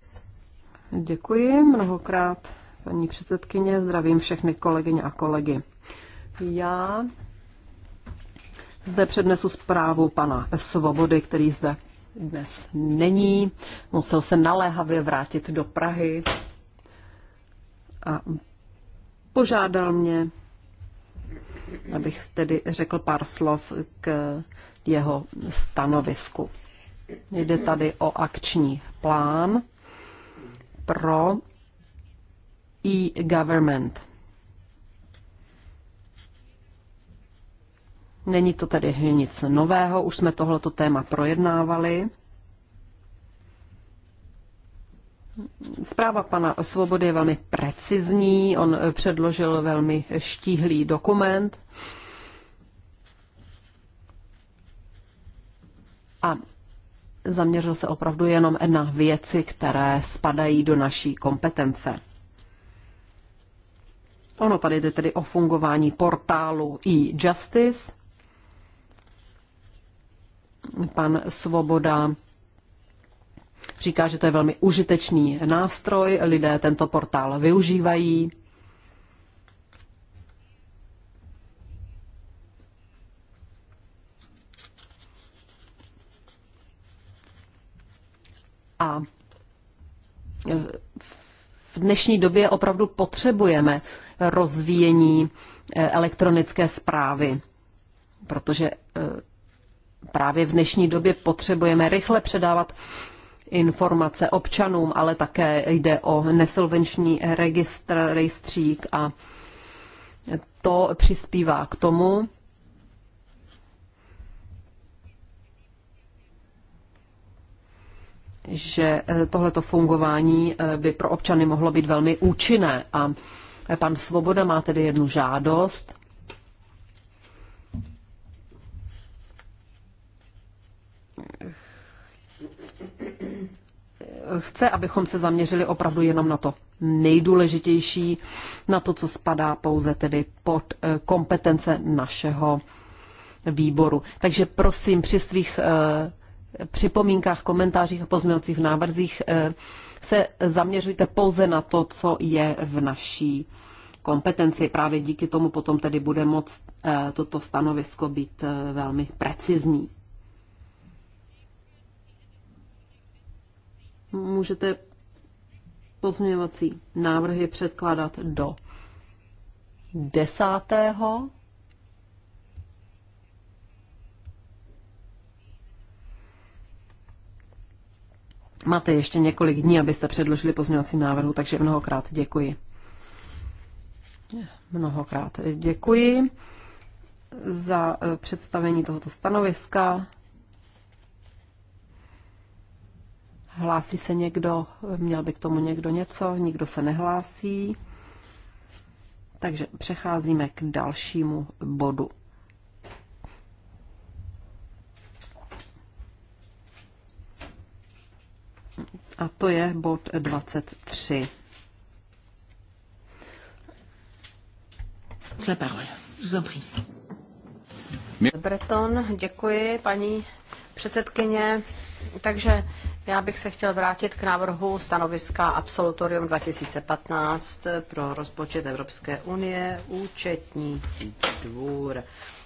Děkuji mnohokrát, paní předsedkyně. Zdravím všechny kolegyně a kolegy. Já zde přednesu zprávu pana Svobody, který zde dnes není. Musel se naléhavě vrátit do Prahy a požádal mě, abych tedy řekl pár slov k jeho stanovisku. Jde tady o akční plán pro e-government. Není to tedy nic nového, už jsme tohleto téma projednávali. Zpráva pana Svobody je velmi precizní, on předložil velmi štíhlý dokument. A zaměřil se opravdu jenom na věci, které spadají do naší kompetence. Ono tady jde tedy o fungování portálu e-justice. Pan Svoboda říká, že to je velmi užitečný nástroj, lidé tento portál využívají. A eh, v dnešní době opravdu potřebujeme rozvíjení eh, elektronické zprávy, protože eh, právě v dnešní době potřebujeme rychle předávat informace občanům, ale také jde o nesolvenční registr, rejstřík a to přispívá k tomu, že eh, tohleto fungování eh, by pro občany mohlo být velmi účinné. A pan Svoboda má tedy jednu žádost. Chce, abychom se zaměřili opravdu jenom na to nejdůležitější, na to, co spadá pouze tedy pod eh, kompetence našeho výboru. Takže prosím, při svých připomínkách, komentářích a pozměňovacích návrzích eh, se zaměřujte pouze na to, co je v naší kompetenci. Právě díky tomu potom tedy bude moc eh, toto stanovisko být eh, velmi precizní. Můžete pozměňovací návrhy předkládat do 10. Máte ještě několik dní, abyste předložili pozměňovací návrhu, takže mnohokrát děkuji. Mnohokrát děkuji za e, představení tohoto stanoviska. Hlásí se někdo, měl by k tomu někdo něco, nikdo se nehlásí. Takže přecházíme k dalšímu bodu. A to je bod 23. La parole. Breton, děkuji, paní předsedkyně. Takže já bych se chtěl vrátit k návrhu stanoviska Absolutorium 2015 pro rozpočet Evropské unie, účetní dvůr.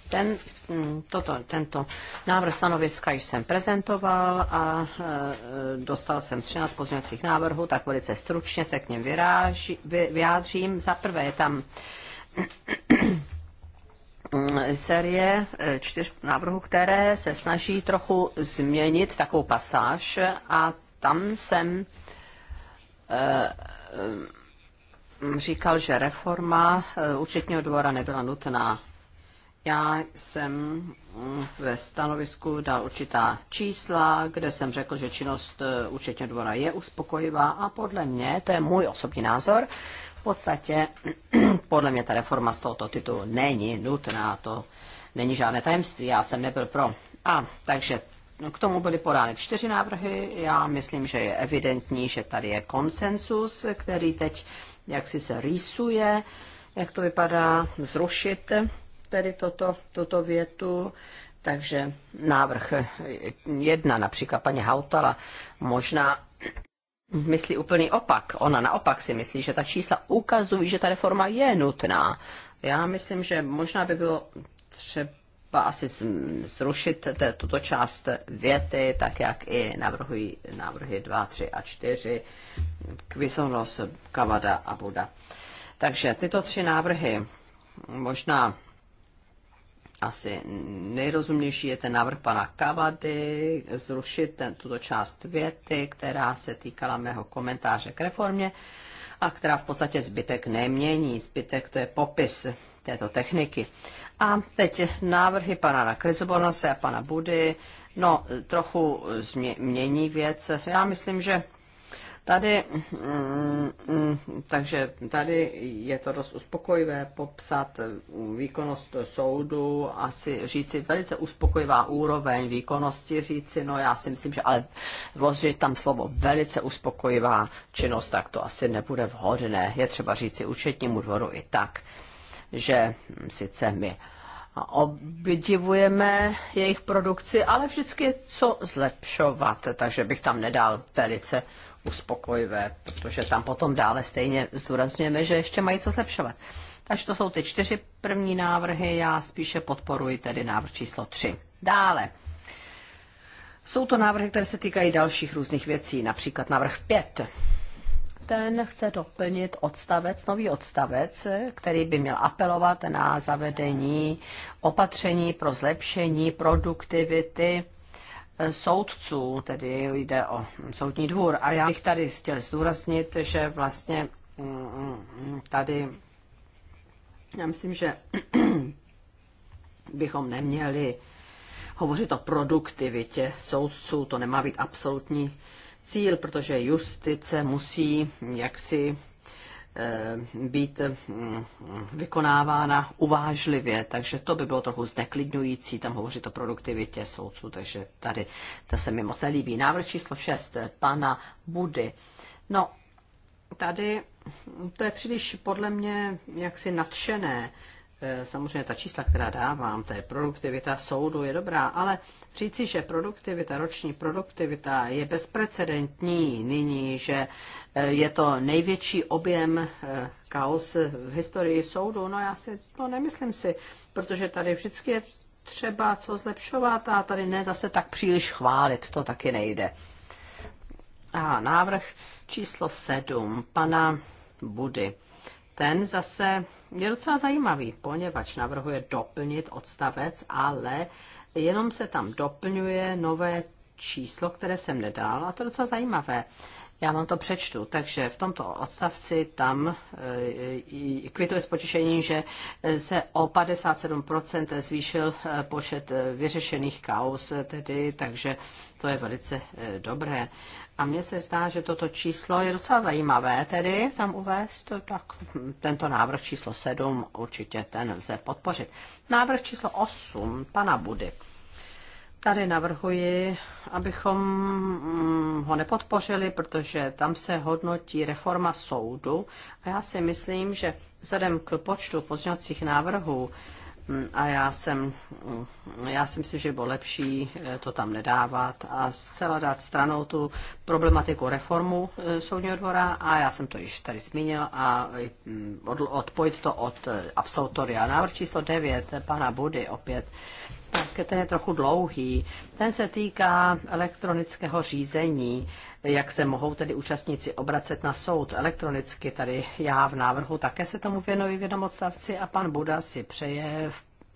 Ten, mm, toto, tento návrh stanoviska již jsem prezentoval a e, dostal jsem 13 pozměňovacích návrhů, tak velice stručně se k něm vy, vyjádřím. Za prvé je tam série e, čtyř návrhů, které se snaží trochu změnit takovou pasáž a tam jsem e, e, říkal, že reforma e, účetního dvora nebyla nutná. Já jsem mm, ve stanovisku dal určitá čísla, kde jsem řekl, že činnost e, účetního dvora je uspokojivá a podle mě, to je můj osobní názor, v podstatě podle mě ta reforma z tohoto titulu není nutná, to není žádné tajemství, já jsem nebyl pro. A takže no, k tomu byly podány čtyři návrhy. Já myslím, že je evidentní, že tady je konsensus, který teď jaksi se rýsuje, jak to vypadá, zrušit tedy toto, toto větu, takže návrh jedna, například paní Hautala, možná myslí úplný opak. Ona naopak si myslí, že ta čísla ukazují, že ta reforma je nutná. Já myslím, že možná by bylo třeba asi zrušit tuto část věty, tak jak i navrhují návrhy 2, 3 a 4, Kvisonos, Kavada a Buda. Takže tyto tři návrhy možná asi nejrozumnější je ten návrh pana Kavady zrušit ten, tuto část věty, která se týkala mého komentáře k reformě a která v podstatě zbytek nemění. Zbytek to je popis této techniky. A teď návrhy pana na a pana Budy. No, trochu změ, mění věc. Já myslím, že Tady, mm, mm, takže tady je to dost uspokojivé popsat výkonnost soudu, asi říci velice uspokojivá úroveň výkonnosti, říci, no já si myslím, že ale vložit tam slovo velice uspokojivá činnost, tak to asi nebude vhodné. Je třeba říci účetnímu dvoru i tak, že sice my a obdivujeme jejich produkci, ale vždycky co zlepšovat, takže bych tam nedal velice uspokojivé, protože tam potom dále stejně zdůrazňujeme, že ještě mají co zlepšovat. Takže to jsou ty čtyři první návrhy, já spíše podporuji tedy návrh číslo tři. Dále. Jsou to návrhy, které se týkají dalších různých věcí, například návrh pět. Ten chce doplnit odstavec, nový odstavec, který by měl apelovat na zavedení opatření pro zlepšení produktivity soudců, tedy jde o soudní dvůr. A já bych tady chtěl zdůraznit, že vlastně mm, mm, tady, já myslím, že bychom neměli hovořit o produktivitě soudců, to nemá být absolutní cíl, protože justice musí jaksi Eh, být eh, vykonávána uvážlivě, takže to by bylo trochu zneklidňující, tam hovořit o produktivitě soudců, takže tady to se mi moc nelíbí. Návrh číslo 6, eh, pana Budy. No, tady to je příliš podle mě jaksi nadšené E, samozřejmě ta čísla, která dávám, to je produktivita soudu, je dobrá, ale říci, že produktivita, roční produktivita je bezprecedentní nyní, že e, je to největší objem e, kaos v historii soudu, no já si to nemyslím si, protože tady vždycky je třeba co zlepšovat a tady ne zase tak příliš chválit, to taky nejde. A návrh číslo sedm, pana Budy ten zase je docela zajímavý, poněvadž navrhuje doplnit odstavec, ale jenom se tam doplňuje nové číslo, které jsem nedal a to je docela zajímavé. Já vám to přečtu. Takže v tomto odstavci tam e, e, kvituje s potěšením, že se o 57% zvýšil e, počet vyřešených kaus, tedy, takže to je velice dobré. A mně se zdá, že toto číslo je docela zajímavé, tedy tam uvést, tak tento návrh číslo 7 určitě ten lze podpořit. Návrh číslo 8 pana Budy. Tady navrhuji, abychom mm, ho nepodpořili, protože tam se hodnotí reforma soudu a já si myslím, že vzhledem k počtu pozměňovacích návrhů, a já jsem, já si myslím, že bylo lepší eh, to tam nedávat a zcela dát stranou tu problematiku reformu eh, soudního dvora a já jsem to již tady zmínil a eh, mm, odpojit to od absolutoria. Návrh číslo 9 pana Budy opět tak ten je trochu dlouhý. Ten se týká elektronického řízení jak se mohou tedy účastníci obracet na soud elektronicky. Tady já v návrhu také se tomu věnuji v jednom odstavci a pan Buda si přeje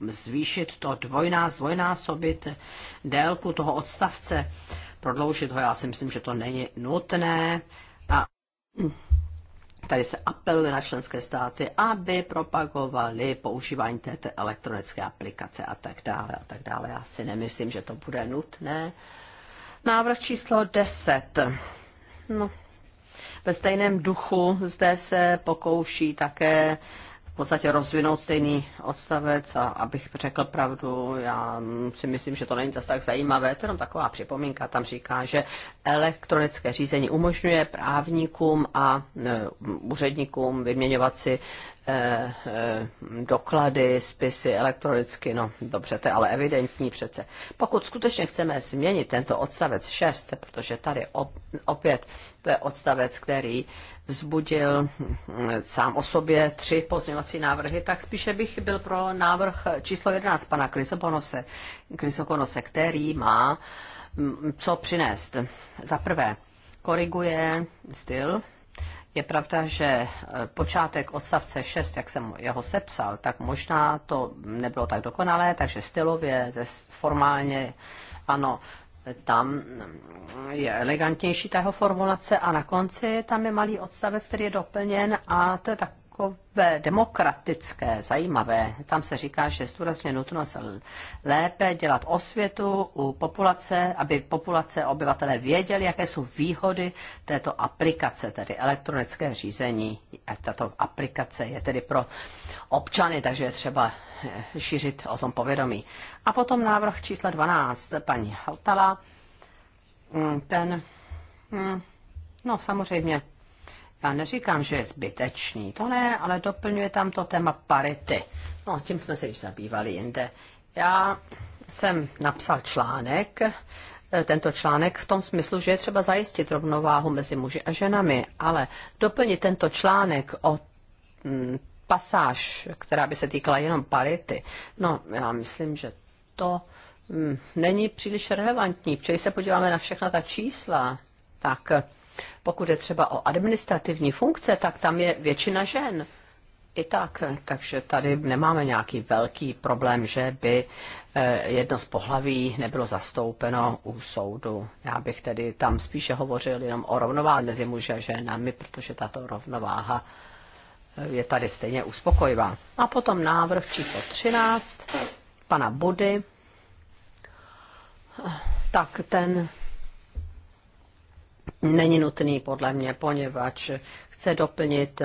zvýšit to dvojná, dvojnásobit délku toho odstavce, prodloužit ho. Já si myslím, že to není nutné. A Tady se apeluje na členské státy, aby propagovali používání této elektronické aplikace a tak dále a tak dále. Já si nemyslím, že to bude nutné. Návrh číslo 10. No. Ve stejném duchu zde se pokouší také v podstatě rozvinout stejný odstavec a abych řekl pravdu, já si myslím, že to není zas tak zajímavé, to je jenom taková připomínka, tam říká, že elektronické řízení umožňuje právníkům a e, úředníkům vyměňovat si Eh, eh, doklady, spisy elektronicky, no dobře, to je ale evidentní přece. Pokud skutečně chceme změnit tento odstavec 6, protože tady opět to je odstavec, který vzbudil hm, sám o sobě tři pozměňovací návrhy, tak spíše bych byl pro návrh číslo 11 pana Krysokonose, Krysokonose který má hm, co přinést. Za prvé, koriguje styl je pravda, že eh, počátek odstavce 6, jak jsem jeho sepsal, tak možná to nebylo tak dokonalé, takže stylově, formálně, ano, tam mm, je elegantnější ta jeho formulace a na konci tam je malý odstavec, který je doplněn a to je tak takové demokratické, zajímavé. Tam se říká, že zdůrazňuje nutnost lépe dělat osvětu u populace, aby populace, obyvatelé věděli, jaké jsou výhody této aplikace, tedy elektronické řízení. A tato aplikace je tedy pro občany, takže je třeba eh, šířit o tom povědomí. A potom návrh číslo 12, paní Hautala, mm, ten, mm, no samozřejmě, já neříkám, že je zbytečný, to ne, ale doplňuje tam to téma parity. No, tím jsme se již zabývali jinde. Já jsem napsal článek, eh, tento článek v tom smyslu, že je třeba zajistit rovnováhu mezi muži a ženami, ale doplnit tento článek o mm, pasáž, která by se týkala jenom parity, no já myslím, že to mm, není příliš relevantní. protože se podíváme na všechna ta čísla, tak pokud je třeba o administrativní funkce, tak tam je většina žen. I tak, takže tady nemáme nějaký velký problém, že by eh, jedno z pohlaví nebylo zastoupeno u soudu. Já bych tedy tam spíše hovořil jenom o rovnováze mezi muži a ženami, protože tato rovnováha eh, je tady stejně uspokojivá. A potom návrh číslo 13 pana Budy. Eh, tak ten není nutný podle mě, poněvadž chce doplnit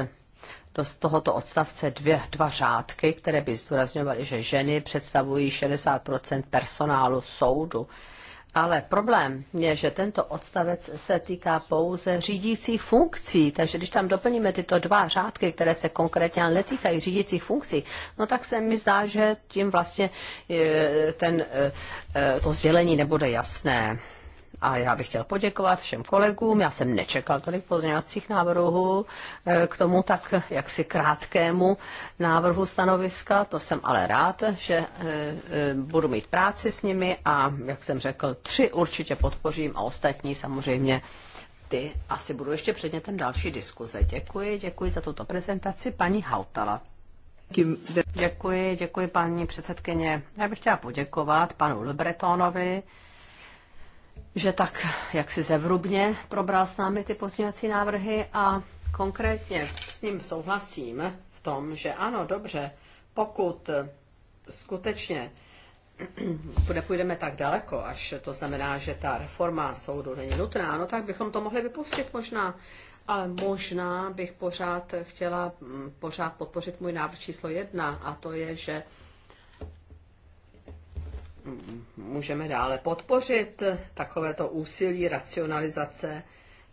do z tohoto odstavce dvě, dva řádky, které by zdůrazňovaly, že ženy představují 60 personálu soudu. Ale problém je, že tento odstavec se týká pouze řídících funkcí, takže když tam doplníme tyto dva řádky, které se konkrétně netýkají řídících funkcí, no tak se mi zdá, že tím vlastně eh, ten, eh, eh, to sdělení nebude jasné. A já bych chtěl poděkovat všem kolegům. Já jsem nečekal tolik pozměňovacích návrhů eh, k tomu tak jaksi krátkému návrhu stanoviska. To jsem ale rád, že eh, eh, budu mít práci s nimi a, jak jsem řekl, tři určitě podpořím a ostatní samozřejmě ty asi budou ještě předmětem další diskuze. Děkuji, děkuji za tuto prezentaci paní Hautala. Děkuji, děkuji paní předsedkyně. Já bych chtěla poděkovat panu Lebretonovi, že tak jak si zevrubně probral s námi ty pozměňovací návrhy a konkrétně s ním souhlasím v tom, že ano, dobře, pokud skutečně půjdeme tak daleko, až to znamená, že ta reforma soudu není nutná, no tak bychom to mohli vypustit možná. Ale možná bych pořád chtěla mm, pořád podpořit můj návrh číslo jedna a to je, že můžeme dále podpořit takovéto úsilí racionalizace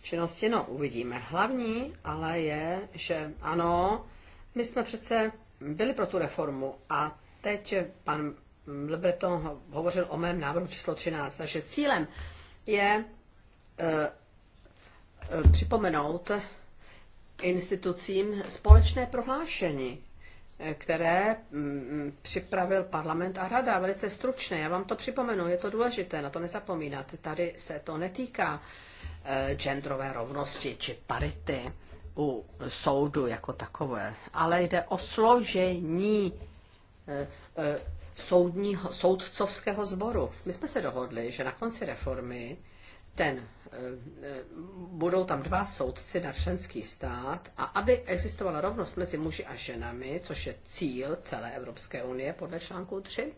činnosti. No, uvidíme. Hlavní ale je, že ano, my jsme přece byli pro tu reformu a teď pan Lebreton hovořil o mém návrhu číslo 13, takže cílem je e, připomenout institucím společné prohlášení které mm, mm, připravil parlament a rada, velice stručné. Já vám to připomenu, je to důležité, na to nezapomínat. Tady se to netýká eh, genderové rovnosti či parity u soudu jako takové, ale jde o složení eh, eh, soudního, soudcovského sboru. My jsme se dohodli, že na konci reformy ten Eh, budou tam dva soudci na členský stát a aby existovala rovnost mezi muži a ženami, což je cíl celé Evropské unie podle článku 3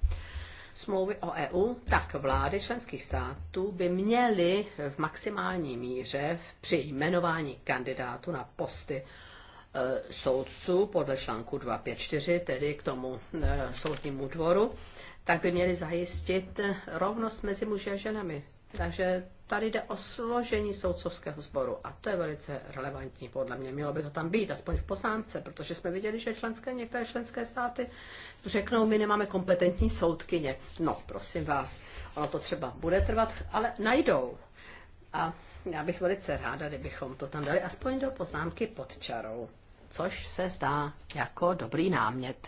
smlouvy o EU, tak vlády členských států by měly v maximální míře při jmenování kandidátu na posty eh, soudců podle článku 254, tedy k tomu eh, soudnímu dvoru, tak by měli zajistit rovnost mezi muži a ženami. Takže tady jde o složení soudcovského sboru a to je velice relevantní podle mě. Mělo by to tam být, aspoň v poznámce, protože jsme viděli, že členské, některé členské státy řeknou, my nemáme kompetentní soudkyně. No, prosím vás, ono to třeba bude trvat, ale najdou. A já bych velice ráda, kdybychom to tam dali aspoň do poznámky pod čarou, což se zdá jako dobrý námět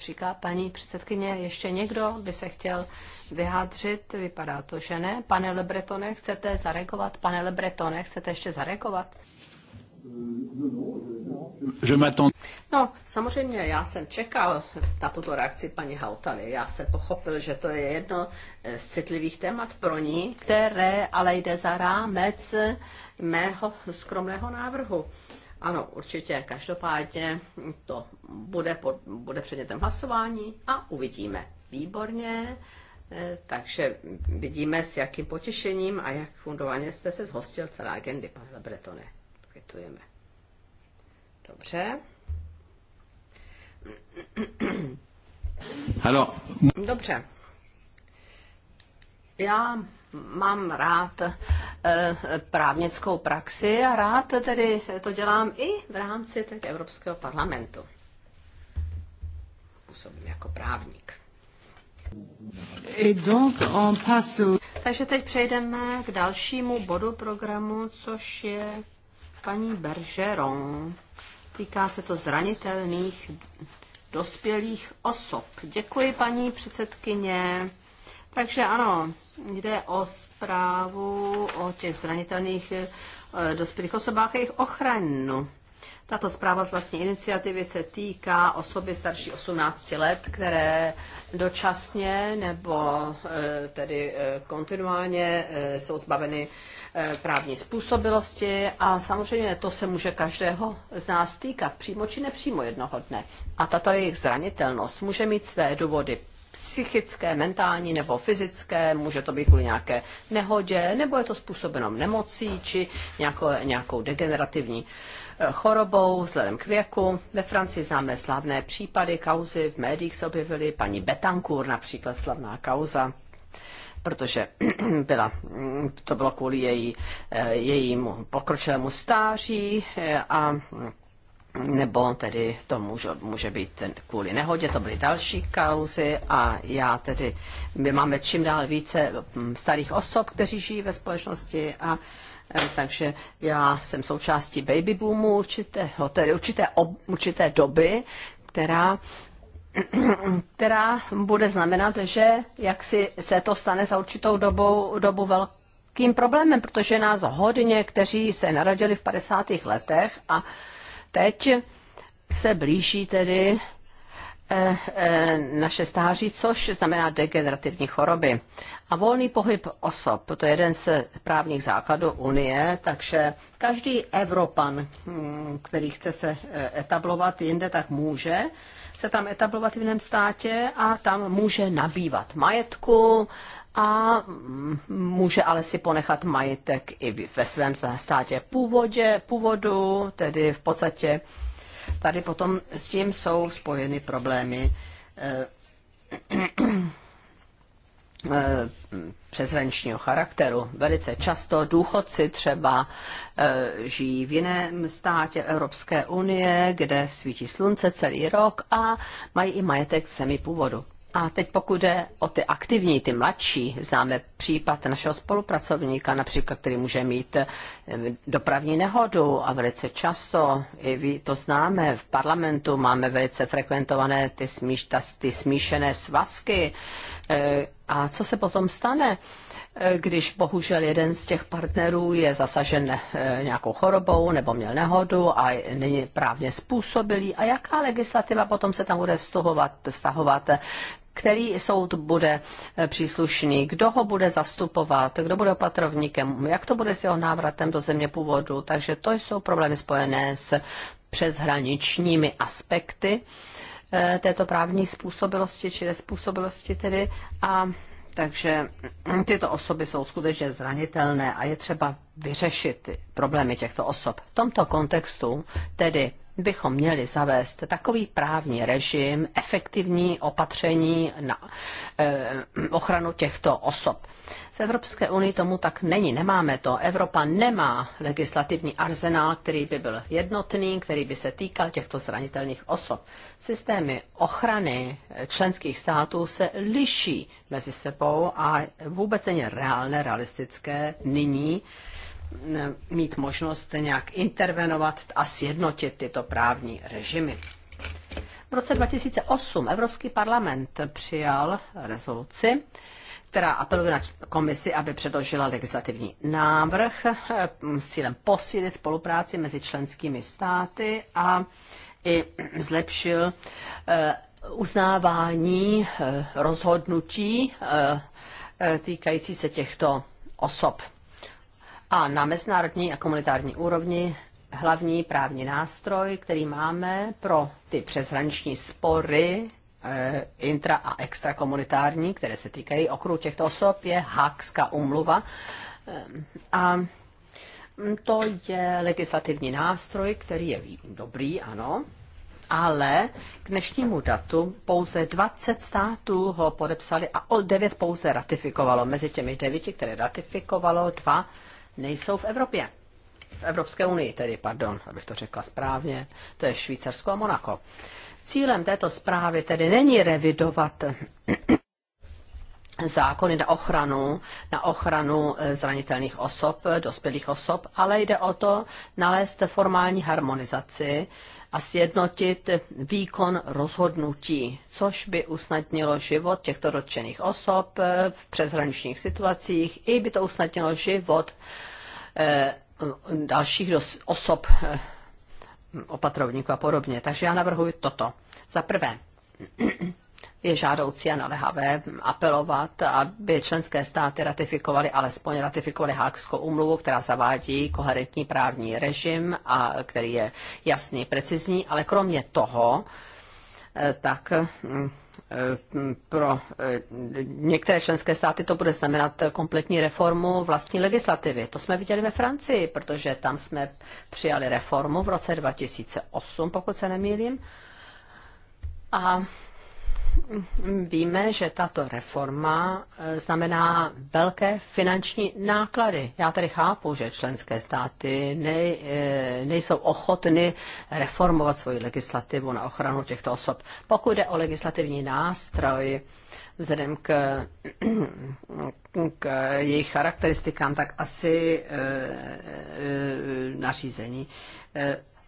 říká paní předsedkyně. Ještě někdo by se chtěl vyhádřit? Vypadá to, že ne. Pane Lebretone, chcete zareagovat? Pane Lebretone, chcete ještě zareagovat? No, samozřejmě, já jsem čekal na tuto reakci paní Hautaly. Já jsem pochopil, že to je jedno z citlivých témat pro ní, které ale jde za rámec mého skromného návrhu. Ano, určitě, každopádně to bude, pod, bude předmětem hlasování a uvidíme. Výborně, eh, takže vidíme s jakým potěšením a jak fundovaně jste se zhostil celé agendy, pane Lebretone. Kvitujeme. Dobře. Halo. Dobře. Já mám rád eh, právnickou praxi a rád tedy to dělám i v rámci tak Evropského parlamentu. Působím jako právník. Takže teď přejdeme k dalšímu bodu programu, což je paní Bergeron. Týká se to zranitelných dospělých osob. Děkuji, paní předsedkyně. Takže ano, jde o zprávu o těch zranitelných eh, dospělých osobách a jejich ochranu. Tato zpráva z vlastní iniciativy se týká osoby starší 18 let, které dočasně nebo eh, tedy eh, kontinuálně jsou zbaveny právní způsobilosti a samozřejmě to se může každého z nás týkat, přímo či nepřímo jednoho dne. A tato jejich zranitelnost může mít své důvody psychické, mentální nebo fyzické, může to být kvůli nějaké nehodě, nebo je to způsobeno nemocí či nějakou, nějakou degenerativní eh, chorobou vzhledem k věku. Ve Francii známe slavné případy, kauzy, v médiích se objevily, paní Betancourt například slavná kauza, protože byla, to bylo kvůli její, eh, jejímu pokročilému stáří eh, a nebo tedy to může, může být kvůli nehodě, to byly další kauzy a já tedy, my máme čím dál více mm, starých osob, kteří žijí ve společnosti a e, takže já jsem součástí baby boomu určitého, tedy určité, ob, určité doby, která která bude znamenat, že jak si se to stane za určitou dobu dobu velkým problémem, protože nás hodně, kteří se narodili v 50. letech a Teď se blíží tedy eh, eh, naše stáří, což znamená degenerativní choroby. A volný pohyb osob, to je jeden z právních základů Unie, takže každý Evropan, hm, který chce se eh, etablovat jinde, tak může se tam etablovat v jiném státě a tam může nabývat majetku a může ale si ponechat majetek i ve svém státě původě, původu, tedy v podstatě tady potom s tím jsou spojeny problémy eh, eh, přeshraničního charakteru. Velice často důchodci třeba eh, žijí v jiném státě Evropské unie, kde svítí slunce celý rok a mají i majetek v zemi původu. A teď pokud jde o ty aktivní, ty mladší, známe případ našeho spolupracovníka, například, který může mít eh, dopravní nehodu a velice často, i vy to známe, v parlamentu máme velice frekventované ty, smíš, ta, ty smíšené svazky. Eh, a co se potom stane, eh, když bohužel jeden z těch partnerů je zasažen nějakou chorobou nebo měl nehodu a není právně způsobilý? A jaká legislativa potom se tam bude vztahovat? vztahovat který soud bude eh, příslušný, kdo ho bude zastupovat, kdo bude opatrovníkem, jak to bude s jeho návratem do země původu. Takže to jsou problémy spojené s přeshraničními aspekty eh, této právní způsobilosti či nespůsobilosti tedy. A takže mm, tyto osoby jsou skutečně zranitelné a je třeba vyřešit problémy těchto osob. V tomto kontextu tedy bychom měli zavést takový právní režim, efektivní opatření na eh, ochranu těchto osob. V Evropské unii tomu tak není, nemáme to. Evropa nemá legislativní arzenál, který by byl jednotný, který by se týkal těchto zranitelných osob. Systémy ochrany členských států se liší mezi sebou a vůbec není reálné, realistické nyní mít možnost nějak intervenovat a sjednotit tyto právní režimy. V roce 2008 Evropský parlament přijal rezoluci, která apeluje na komisi, aby předložila legislativní návrh eh, s cílem posílit spolupráci mezi členskými státy a i zlepšil eh, uznávání eh, rozhodnutí týkající se těchto osob. A na mezinárodní a komunitární úrovni hlavní právní nástroj, který máme pro ty přeshraniční spory eh, intra- a extrakomunitární, které se týkají okruhu těchto osob, je Hákská umluva. Eh, a to je legislativní nástroj, který je dobrý, ano, ale k dnešnímu datu pouze 20 států ho podepsali a o 9 pouze ratifikovalo. Mezi těmi 9, které ratifikovalo, dva nejsou v Evropě. V Evropské unii tedy, pardon, abych to řekla správně. To je Švýcarsko a Monako. Cílem této zprávy tedy není revidovat zákony na ochranu, na ochranu e, zranitelných osob, dospělých osob, ale jde o to nalézt formální harmonizaci a sjednotit výkon rozhodnutí, což by usnadnilo život těchto dotčených osob eh, v přeshraničních situacích i by to usnadnilo život eh, dalších osob, eh, opatrovníků a podobně. Takže já navrhuji toto. Za prvé, je žádoucí a naléhavé apelovat, aby členské státy ratifikovaly, alespoň ratifikovaly Hákskou umluvu, která zavádí koherentní právní režim, a který je jasný, precizní, ale kromě toho, eh, tak mm, eh, pro eh, některé členské státy to bude znamenat kompletní reformu vlastní legislativy. To jsme viděli ve Francii, protože tam jsme přijali reformu v roce 2008, pokud se nemýlím. A víme, že tato reforma eh, znamená velké finanční náklady. Já tedy chápu, že členské státy nej, eh, nejsou ochotny reformovat svoji legislativu na ochranu těchto osob. Pokud jde o legislativní nástroj, vzhledem k, k jejich charakteristikám, tak asi eh, nařízení.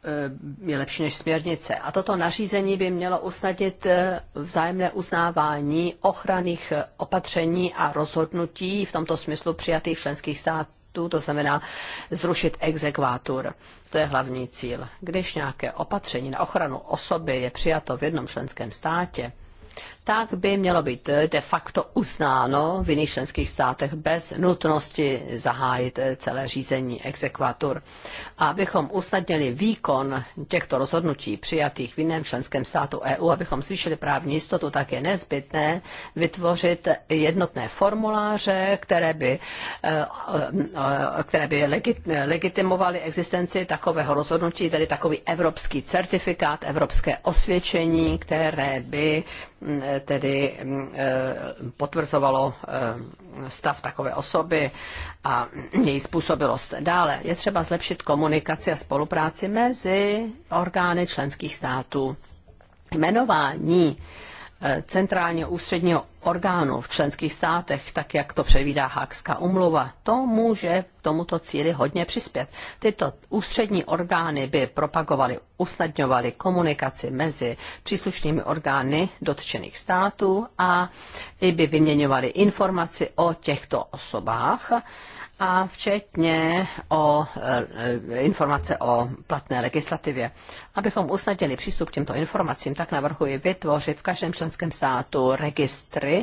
Eh, je lepší než směrnice. A toto nařízení by mělo usnadnit eh, vzájemné uznávání ochranných eh, opatření a rozhodnutí v tomto smyslu přijatých členských států, to znamená zrušit exekvátor. To je hlavní cíl. Když nějaké opatření na ochranu osoby je přijato v jednom členském státě, tak by mělo být de facto uznáno v jiných členských státech bez nutnosti zahájit celé řízení exekvatur. Abychom usnadnili výkon těchto rozhodnutí přijatých v jiném členském státu EU, abychom zvýšili právní jistotu, tak je nezbytné vytvořit jednotné formuláře, které by, eh, eh, které by legitimovaly existenci takového rozhodnutí, tedy takový evropský certifikát, evropské osvědčení, které by mm, tedy mm, eh, potvrzovalo eh, stav takové osoby a její způsobilost. Dále je třeba zlepšit komunikaci a spolupráci mezi orgány členských států. Jmenování eh, centrálního ústředního orgánů v členských státech, tak jak to předvídá Hákská umluva, to může tomuto cíli hodně přispět. Tyto ústřední orgány by propagovaly, usnadňovaly komunikaci mezi příslušnými orgány dotčených států a i by vyměňovaly informaci o těchto osobách a včetně o e, informace o platné legislativě. Abychom usnadnili přístup k těmto informacím, tak navrhuji vytvořit v každém členském státu registry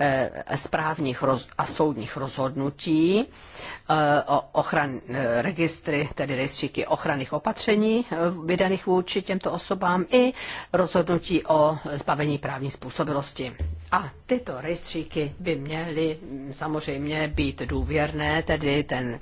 Eh, správních a soudních rozhodnutí, eh, ochran, eh, registry, tedy rejstříky ochranných opatření vydaných vůči těmto osobám i rozhodnutí o zbavení právní způsobilosti. A tyto rejstříky by měly mm, samozřejmě být důvěrné, tedy ten,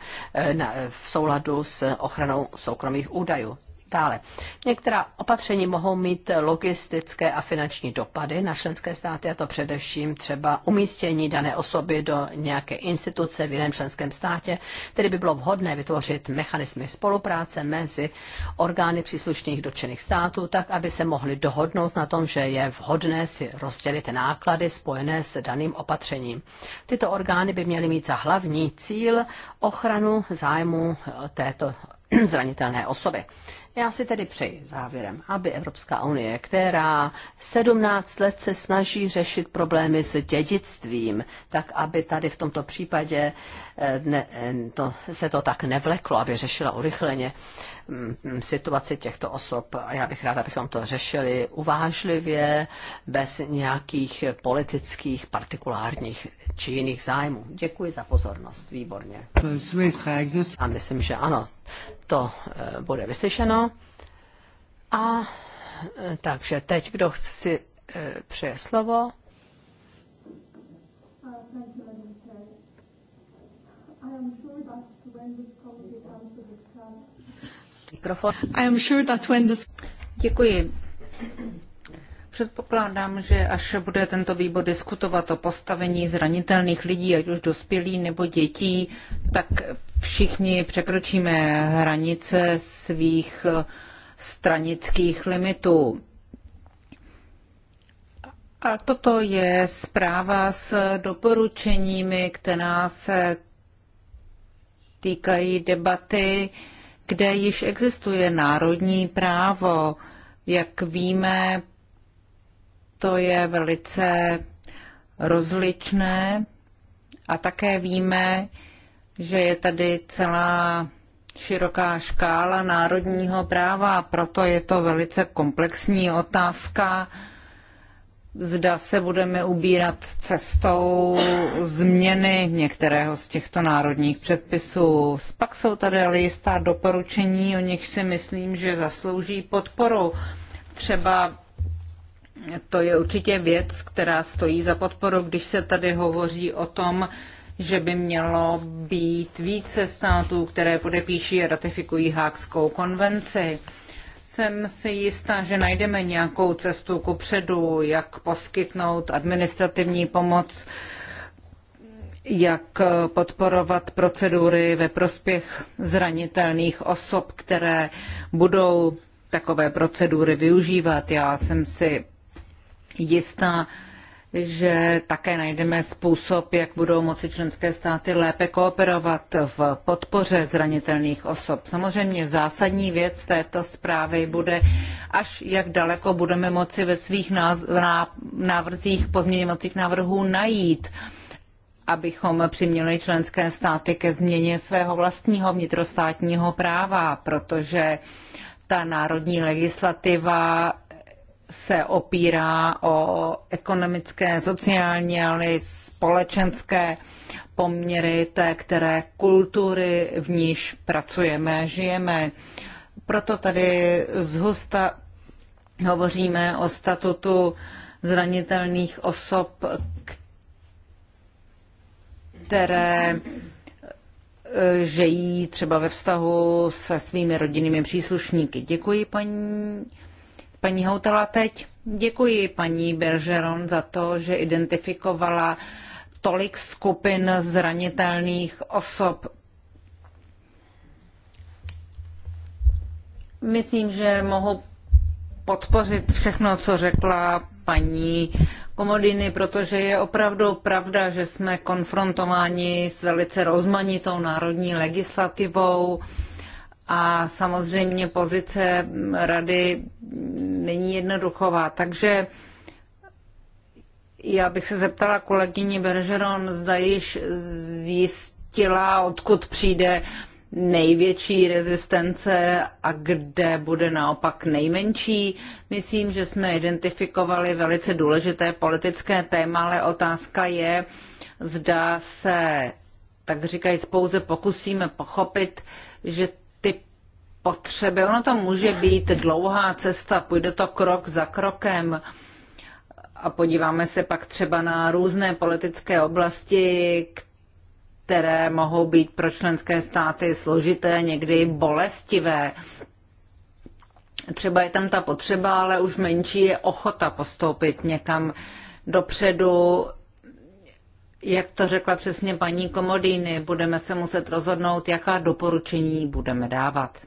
v souladu s ochranou soukromých údajů. Dále, některá opatření mohou mít logistické a finanční dopady na členské státy, a to především třeba umístění dané osoby do nějaké instituce v jiném členském státě, tedy by bylo vhodné vytvořit mechanismy spolupráce mezi orgány příslušných dotčených států, tak aby se mohli dohodnout na tom, že je vhodné si rozdělit náklady spojené s daným opatřením. Tyto orgány by měly mít za hlavní cíl ochranu zájmu této zranitelné osoby. Já si tedy přeji závěrem, aby Evropská unie, která 17 let se snaží řešit problémy s dědictvím, tak aby tady v tomto případě eh, ne, eh, to, se to tak nevleklo, aby řešila urychleně Mm, situaci těchto osob a já bych ráda, abychom to řešili uvážlivě, bez nějakých politických, partikulárních či jiných zájmů. Děkuji za pozornost, výborně. A myslím, že ano, to eh, bude vyslyšeno. A eh, takže teď, kdo chce si eh, přeje slovo. Uh, mikrofon. I am sure that when this... Děkuji. Předpokládám, že až bude tento výbor diskutovat o postavení zranitelných lidí, ať už dospělí nebo dětí, tak všichni překročíme hranice svých eh, stranických limitů. A toto je zpráva s doporučeními, která se týkají debaty, uh, kde již existuje národní právo. Jak víme, to je velice rozličné a také víme, že je tady celá široká škála národního práva, proto je to velice komplexní otázka zda se budeme ubírat cestou změny některého z těchto národních předpisů. Pak jsou tady ale jistá doporučení, o nich si myslím, že zaslouží podporu. Třeba to je určitě věc, která stojí za podporu, když se tady hovoří o tom, že by mělo být více států, které podepíší a ratifikují Hákskou konvenci. Jsem si jistá, že najdeme nějakou cestu ku předu, jak poskytnout administrativní pomoc, jak podporovat procedury ve prospěch zranitelných osob, které budou takové procedury využívat. Já jsem si jistá, že také najdeme způsob, jak budou moci členské státy lépe kooperovat v podpoře zranitelných osob. Samozřejmě zásadní věc této zprávy bude, až jak daleko budeme moci ve svých návrzích pozměňovacích návrhů najít abychom přiměli členské státy ke změně svého vlastního vnitrostátního práva, protože ta národní legislativa se opírá o ekonomické, sociální, ale i společenské poměry té, které kultury, v níž pracujeme, žijeme. Proto tady zhusta hovoříme o statutu zranitelných osob, které eh, žijí třeba ve vztahu se svými rodinnými příslušníky. Děkuji, paní Paní Houtela teď. Děkuji paní Bergeron za to, že identifikovala tolik skupin zranitelných osob. Myslím, že mohu podpořit všechno, co řekla paní Komodiny, protože je opravdu pravda, že jsme konfrontováni s velice rozmanitou národní legislativou a samozřejmě pozice rady není jednoduchová. Takže já bych se zeptala kolegyni Bergeron, zda již zjistila, odkud přijde největší rezistence a kde bude naopak nejmenší. Myslím, že jsme identifikovali velice důležité politické téma, ale otázka je, zda se, tak říkajíc, pouze pokusíme pochopit, že potřeby. Ono to může být dlouhá cesta, půjde to krok za krokem a podíváme se pak třeba na různé politické oblasti, které mohou být pro členské státy složité, někdy bolestivé. Třeba je tam ta potřeba, ale už menší je ochota postoupit někam dopředu. Jak to řekla přesně paní Komodýny, budeme se muset rozhodnout, jaká doporučení budeme dávat.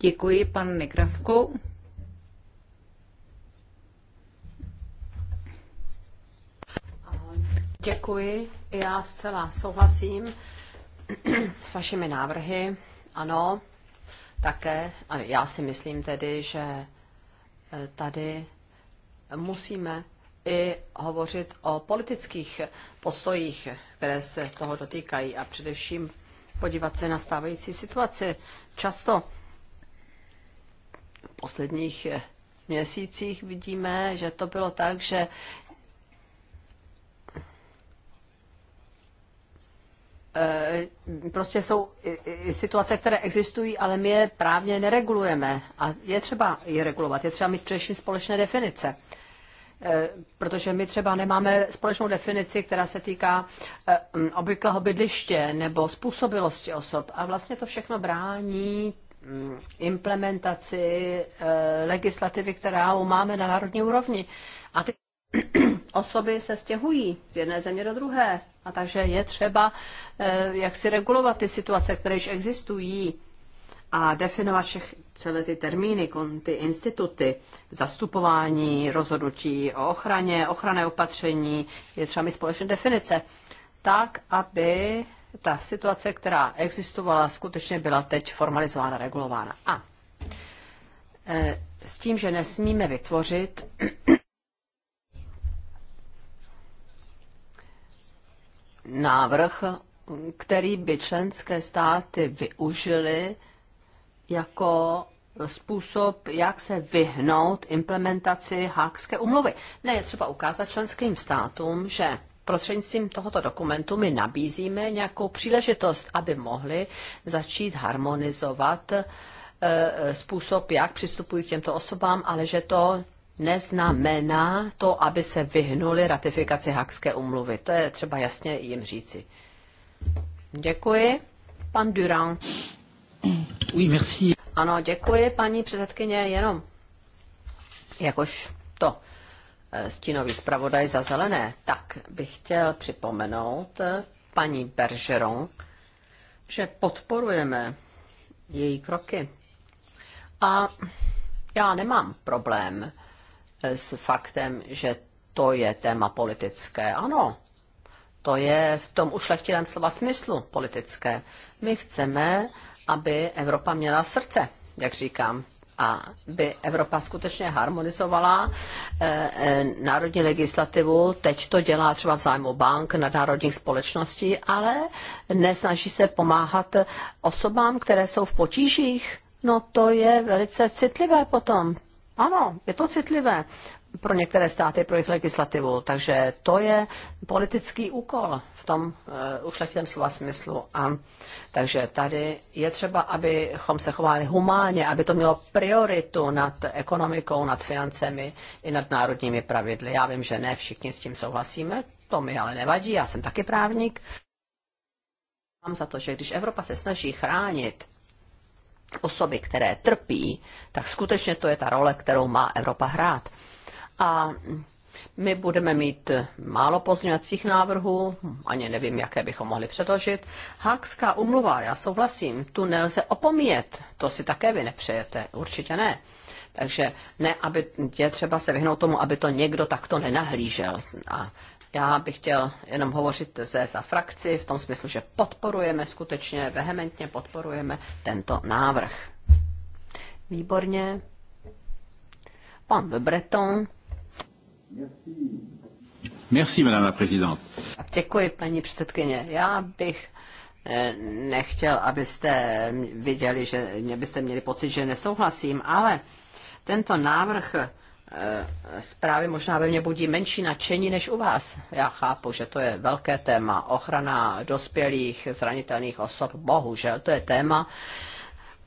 Děkuji, pan Nekrasku. Děkuji. Já zcela souhlasím s vašimi návrhy. Ano, také. A já si myslím tedy, že eh, tady musíme i hovořit o politických postojích, které se toho dotýkají a především podívat se na stávající situaci. Často v posledních eh, měsících vidíme, že to bylo tak, že eh, prostě jsou situace, které existují, ale my je právně neregulujeme. A je třeba je regulovat, je třeba mít především společné definice. Eh, protože my třeba nemáme společnou definici, která se týká eh, mm, obvyklého bydliště nebo způsobilosti osob. A vlastně to všechno brání mm, implementaci eh, legislativy, kterou máme na národní úrovni. A ty osoby se stěhují z jedné země do druhé. A takže je třeba jak si regulovat ty situace, které již existují a definovat všech, celé ty termíny, ty instituty, zastupování, rozhodnutí o ochraně, ochranné opatření, je třeba mi společné definice, tak, aby ta situace, která existovala, skutečně byla teď formalizována, regulována. A e, s tím, že nesmíme vytvořit návrh, který by členské státy využily jako způsob, jak se vyhnout implementaci Hákské umluvy. Ne, je třeba ukázat členským státům, že prostřednictvím tohoto dokumentu my nabízíme nějakou příležitost, aby mohli začít harmonizovat eh, způsob, jak přistupují k těmto osobám, ale že to neznamená to, aby se vyhnuli ratifikaci Hákské umluvy. To je třeba jasně jim říci. Děkuji. Pan Durand. Oui, merci. Ano, děkuji, paní předsedkyně, jenom jakož to eh, stínový zpravodaj za zelené, tak bych chtěl připomenout eh, paní Bergeron, že podporujeme její kroky. A já nemám problém eh, s faktem, že to je téma politické. Ano, to je v tom ušlechtilém slova smyslu politické. My chceme aby Evropa měla srdce, jak říkám, a by Evropa skutečně harmonizovala e, e, národní legislativu. Teď to dělá třeba v zájmu bank, nadnárodních společností, ale nesnaží se pomáhat osobám, které jsou v potížích. No to je velice citlivé potom. Ano, je to citlivé, pro některé státy, pro jejich legislativu. Takže to je politický úkol v tom uh, ušlechtilém slova smyslu. A, takže tady je třeba, abychom se chovali humánně, aby to mělo prioritu nad ekonomikou, nad financemi i nad národními pravidly. Já vím, že ne všichni s tím souhlasíme, to mi ale nevadí, já jsem taky právník. Mám za to, že když Evropa se snaží chránit osoby, které trpí, tak skutečně to je ta role, kterou má Evropa hrát a my budeme mít málo pozměňovacích návrhů, ani nevím, jaké bychom mohli předložit. Hákská umluva, já souhlasím, tu nelze opomíjet, to si také vy nepřejete, určitě ne. Takže ne, aby je třeba se vyhnout tomu, aby to někdo takto nenahlížel. A já bych chtěl jenom hovořit ze za frakci v tom smyslu, že podporujeme, skutečně vehementně podporujeme tento návrh. Výborně. Pan Breton. Merci, madame la présidente. Děkuji, paní předsedkyně. Já bych eh, nechtěl, abyste viděli, že mě byste měli pocit, že nesouhlasím, ale tento návrh eh, zprávy možná ve mně budí menší nadšení než u vás. Já chápu, že to je velké téma. Ochrana dospělých, zranitelných osob, bohužel, to je téma,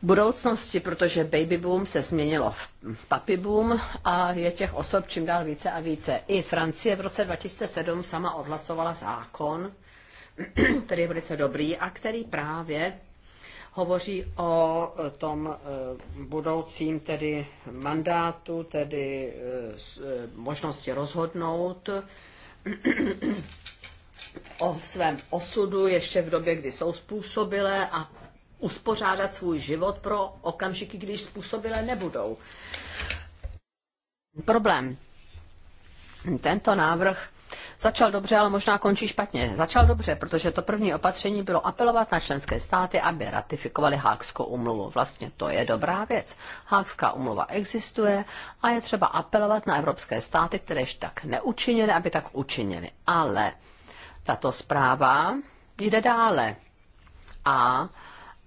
budoucnosti, protože baby boom se změnilo v papy boom a je těch osob čím dál více a více. I Francie v roce 2007 sama odhlasovala zákon, který je velice dobrý a který právě hovoří o tom eh, budoucím tedy mandátu, tedy eh, možnosti rozhodnout o svém osudu ještě v době, kdy jsou způsobilé a uspořádat svůj život pro okamžiky, když způsobilé nebudou. Problém. Tento návrh Začal dobře, ale možná končí špatně. Začal dobře, protože to první opatření bylo apelovat na členské státy, aby ratifikovali Hákskou umluvu. Vlastně to je dobrá věc. Hákská umluva existuje a je třeba apelovat na evropské státy, které ještě tak neučinili, aby tak učinili. Ale tato zpráva jde dále. A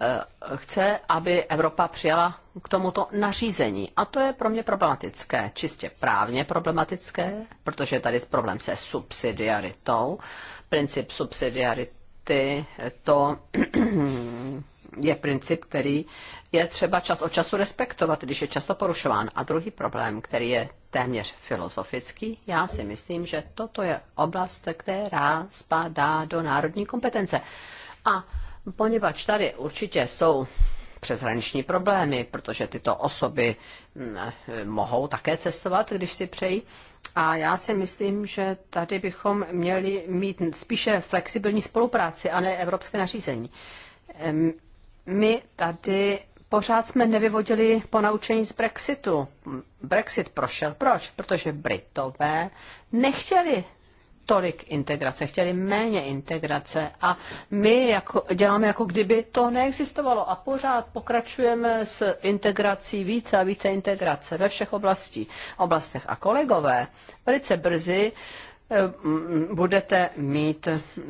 Eh, chce, aby Evropa přijala k tomuto nařízení. A to je pro mě problematické, čistě právně problematické, protože je tady problém se subsidiaritou. Princip subsidiarity to je princip, který je třeba čas od času respektovat, když je často porušován. A druhý problém, který je téměř filozofický, já si myslím, že toto je oblast, která spadá do národní kompetence. A poněvadž tady určitě jsou přeshraniční problémy, protože tyto osoby mm, eh, mohou také cestovat, když si přejí. A já si myslím, že tady bychom měli mít spíše flexibilní spolupráci a ne evropské nařízení. My tady pořád jsme nevyvodili po naučení z Brexitu. Brexit prošel. Proč? Protože Britové nechtěli tolik integrace, chtěli méně integrace a my jako, děláme jako kdyby to neexistovalo a pořád pokračujeme s integrací více a více integrace ve všech oblastí, oblastech. A kolegové, velice brzy eh, budete mít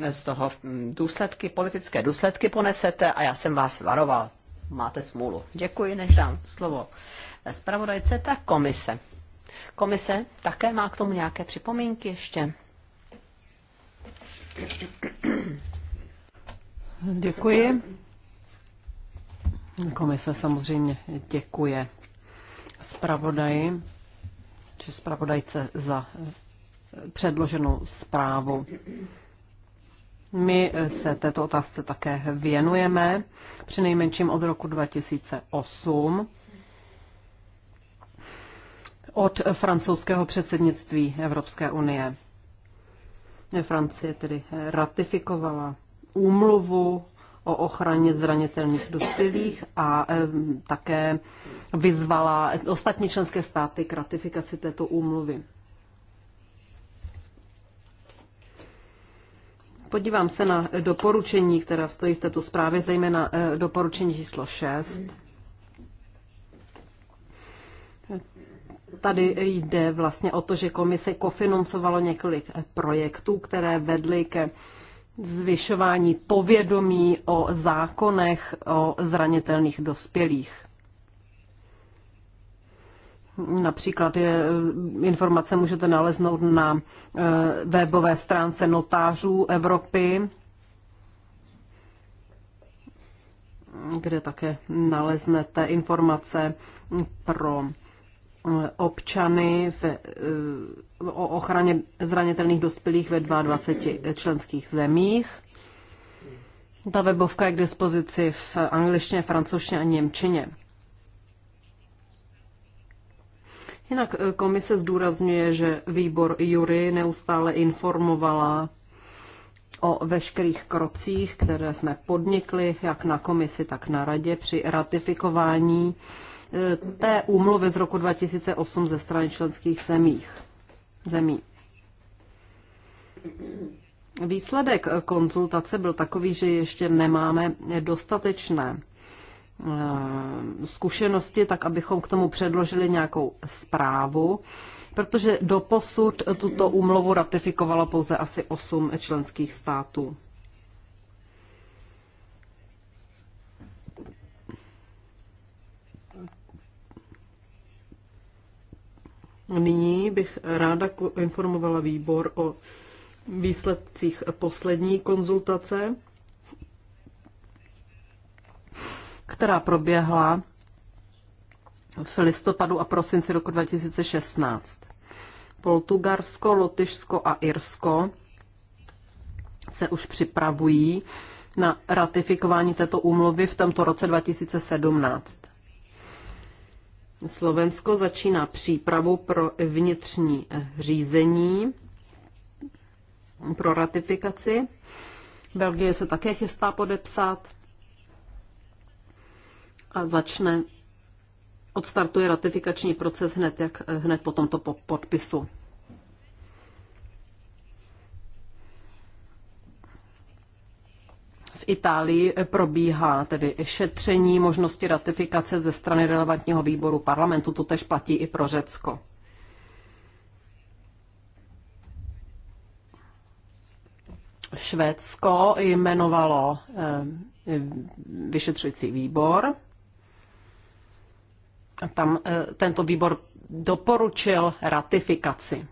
z toho důsledky, politické důsledky ponesete a já jsem vás varoval. Máte smůlu. Děkuji, než dám slovo zpravodajce, tak komise. Komise také má k tomu nějaké připomínky ještě? Děkuji. Komise samozřejmě děkuje zpravodaji či zpravodajce za předloženou zprávu. My se této otázce také věnujeme, při nejmenším od roku 2008. Od francouzského předsednictví Evropské unie. Francie tedy ratifikovala úmluvu o ochraně zranitelných dospělých a také vyzvala ostatní členské státy k ratifikaci této úmluvy. Podívám se na doporučení, která stojí v této zprávě, zejména eh, doporučení číslo 6. tady jde vlastně o to, že komise kofinancovalo několik eh, projektů, které vedly ke zvyšování povědomí o zákonech o zranitelných dospělých. Například je, eh, informace můžete naleznout na eh, webové stránce notářů Evropy, kde také naleznete informace pro občany v, eh, o ochraně zranitelných dospělých ve 22 členských zemích. Ta webovka je k dispozici v angličtině, francouzštině a němčině. Jinak eh, komise zdůrazňuje, že výbor Jury neustále informovala o veškerých krocích, které jsme podnikli, jak na komisi, tak na radě při ratifikování té úmluvy z roku 2008 ze strany členských zemích. zemí. Výsledek konzultace byl takový, že ještě nemáme dostatečné eh, zkušenosti, tak abychom k tomu předložili nějakou zprávu, protože doposud tuto úmluvu ratifikovalo pouze asi 8 členských států. Nyní bych ráda informovala výbor o výsledcích poslední konzultace, která proběhla v listopadu a prosinci roku 2016. Portugalsko, Lotyšsko a Irsko se už připravují na ratifikování této úmluvy v tomto roce 2017. Slovensko začíná přípravu pro vnitřní řízení pro ratifikaci. Belgie se také chystá podepsat a začne, odstartuje ratifikační proces hned, jak, hned po tomto podpisu. Itálii probíhá tedy šetření možnosti ratifikace ze strany relevantního výboru parlamentu. To tež platí i pro Řecko. Švédsko jmenovalo eh, vyšetřující výbor. Tam eh, tento výbor doporučil ratifikaci.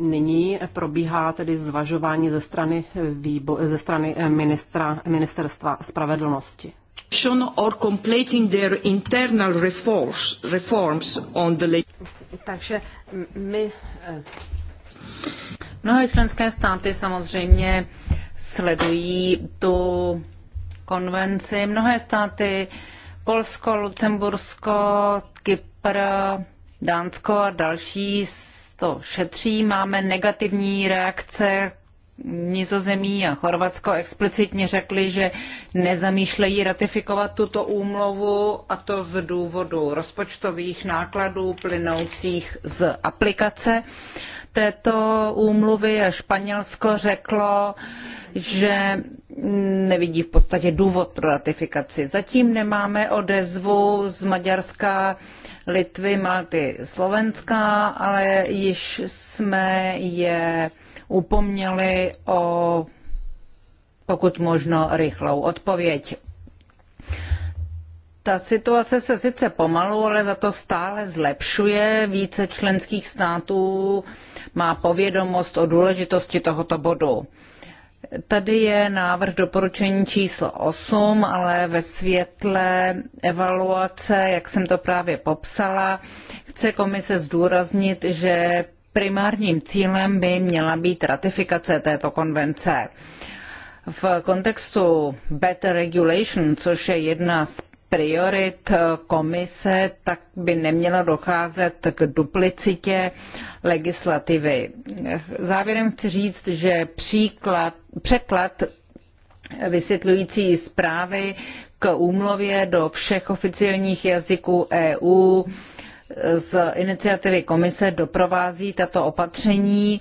Nyní probíhá tedy zvažování ze strany, výbo, ze strany eh, ministra, ministerstva spravedlnosti. Or completing their internal reforms, reforms on the... Takže my... Eh, Mnohé členské státy samozřejmě sledují tu konvenci. Mnohé státy, Polsko, Lucembursko, Kypr, Dánsko a další to šetří. Máme negativní reakce Nizozemí a Chorvatsko explicitně řekli, že nezamýšlejí ratifikovat tuto úmluvu a to z důvodu rozpočtových nákladů plynoucích z aplikace této úmluvy a Španělsko řeklo, že nevidí v podstatě důvod pro ratifikaci. Zatím nemáme odezvu z Maďarska, Litvy, Malty, Slovenska, ale již jsme je upomněli o pokud možno rychlou odpověď. Ta situace se sice pomalu, ale za to stále zlepšuje. Více členských států má povědomost o důležitosti tohoto bodu. Tady je návrh doporučení číslo 8, ale ve světle evaluace, jak jsem to právě popsala, chce komise zdůraznit, že primárním cílem by měla být ratifikace této konvence. V kontextu Better Regulation, což je jedna z priorit komise, tak by nemělo docházet k duplicitě legislativy. Závěrem chci říct, že příklad překlad vysvětlující zprávy k úmluvě do všech oficiálních jazyků EU z iniciativy komise doprovází tato opatření.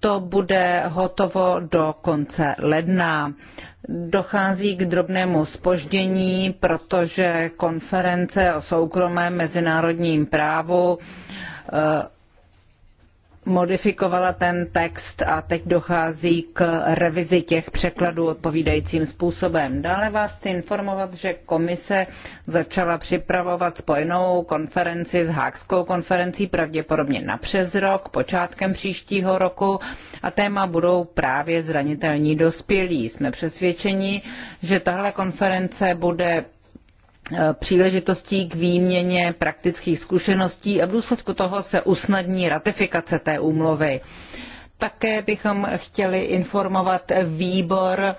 To bude hotovo do konce ledna. Dochází k drobnému spoždění, protože konference o soukromém mezinárodním právu modifikovala ten text a teď dochází k revizi těch překladů odpovídajícím způsobem. Dále vás chci informovat, že komise začala připravovat spojenou konferenci s Hákskou konferencí pravděpodobně na přes rok, počátkem příštího roku a téma budou právě zranitelní dospělí. Jsme přesvědčeni, že tahle konference bude Eh, příležitostí k výměně praktických zkušeností a v důsledku toho se usnadní ratifikace té úmluvy. Také bychom chtěli informovat výbor,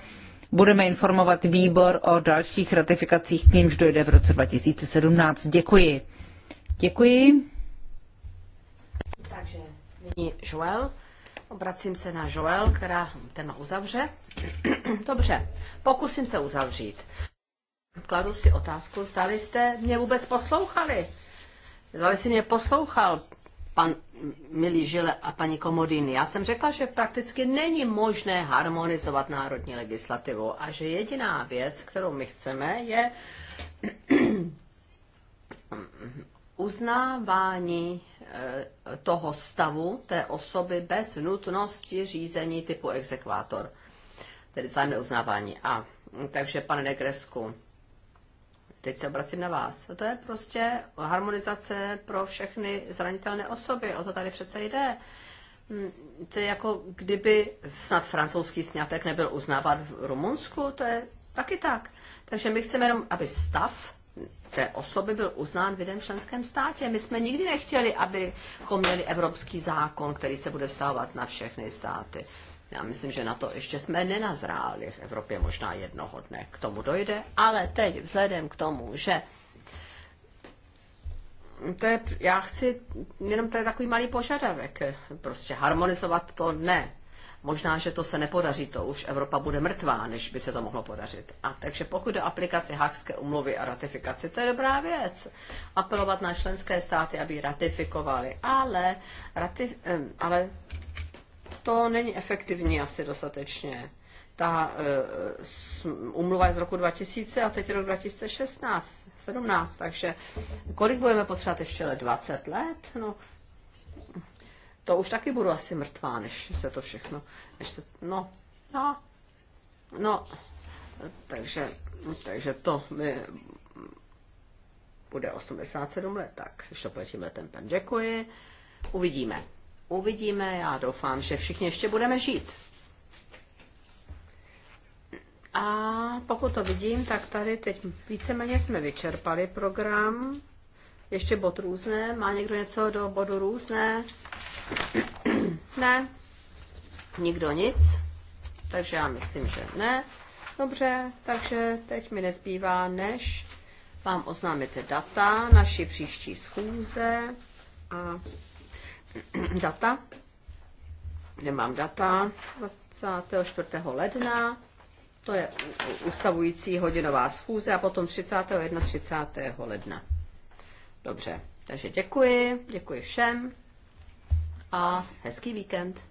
budeme informovat výbor o dalších ratifikacích, k nímž dojde v roce 2017. Děkuji. Děkuji. Takže nyní Joel. Obracím se na Joel, která téma uzavře. Dobře, pokusím se uzavřít kladu si otázku, zdali jste mě vůbec poslouchali. Zdali si mě poslouchal pan Milí Žile a paní Komodýny. Já jsem řekla, že prakticky není možné harmonizovat národní legislativu a že jediná věc, kterou my chceme, je uznávání eh, toho stavu té osoby bez nutnosti řízení typu exekvátor, tedy vzájemné uznávání. A takže, pane Negresku, Teď se obracím na vás. To je prostě harmonizace pro všechny zranitelné osoby. O to tady přece jde. Hmm, to je jako kdyby snad francouzský sňatek nebyl uznávat v Rumunsku, to je taky tak. Takže my chceme jenom, aby stav té osoby byl uznán v jednom členském státě. My jsme nikdy nechtěli, abychom měli evropský zákon, který se bude vztahovat na všechny státy. Já myslím, že na to ještě jsme nenazráli v Evropě možná jednoho dne. K tomu dojde, ale teď vzhledem k tomu, že to je, já chci, jenom to je takový malý požadavek, prostě harmonizovat to ne. Možná, že to se nepodaří, to už Evropa bude mrtvá, než by se to mohlo podařit. A takže pokud do aplikaci Hákské umluvy a ratifikaci, to je dobrá věc. Apelovat na členské státy, aby ratifikovali, ale, ratif, eh, ale to není efektivní asi dostatečně. Ta e, umluva je z roku 2000 a teď je rok 2016, 17, takže kolik budeme potřebovat ještě let? 20 let? No, to už taky budu asi mrtvá, než se to všechno, než se, no, no, no, takže, takže to mi bude 87 let, tak ještě to letím letem, děkuji, uvidíme uvidíme. Já doufám, že všichni ještě budeme žít. A pokud to vidím, tak tady teď víceméně jsme vyčerpali program. Ještě bod různé. Má někdo něco do bodu různé? ne. Nikdo nic. Takže já myslím, že ne. Dobře, takže teď mi nezbývá, než vám oznámíte data naší příští schůze a data. Nemám data. 24. ledna, to je ustavující hodinová schůze a potom 31. 30. ledna. Dobře, takže děkuji, děkuji všem a hezký víkend.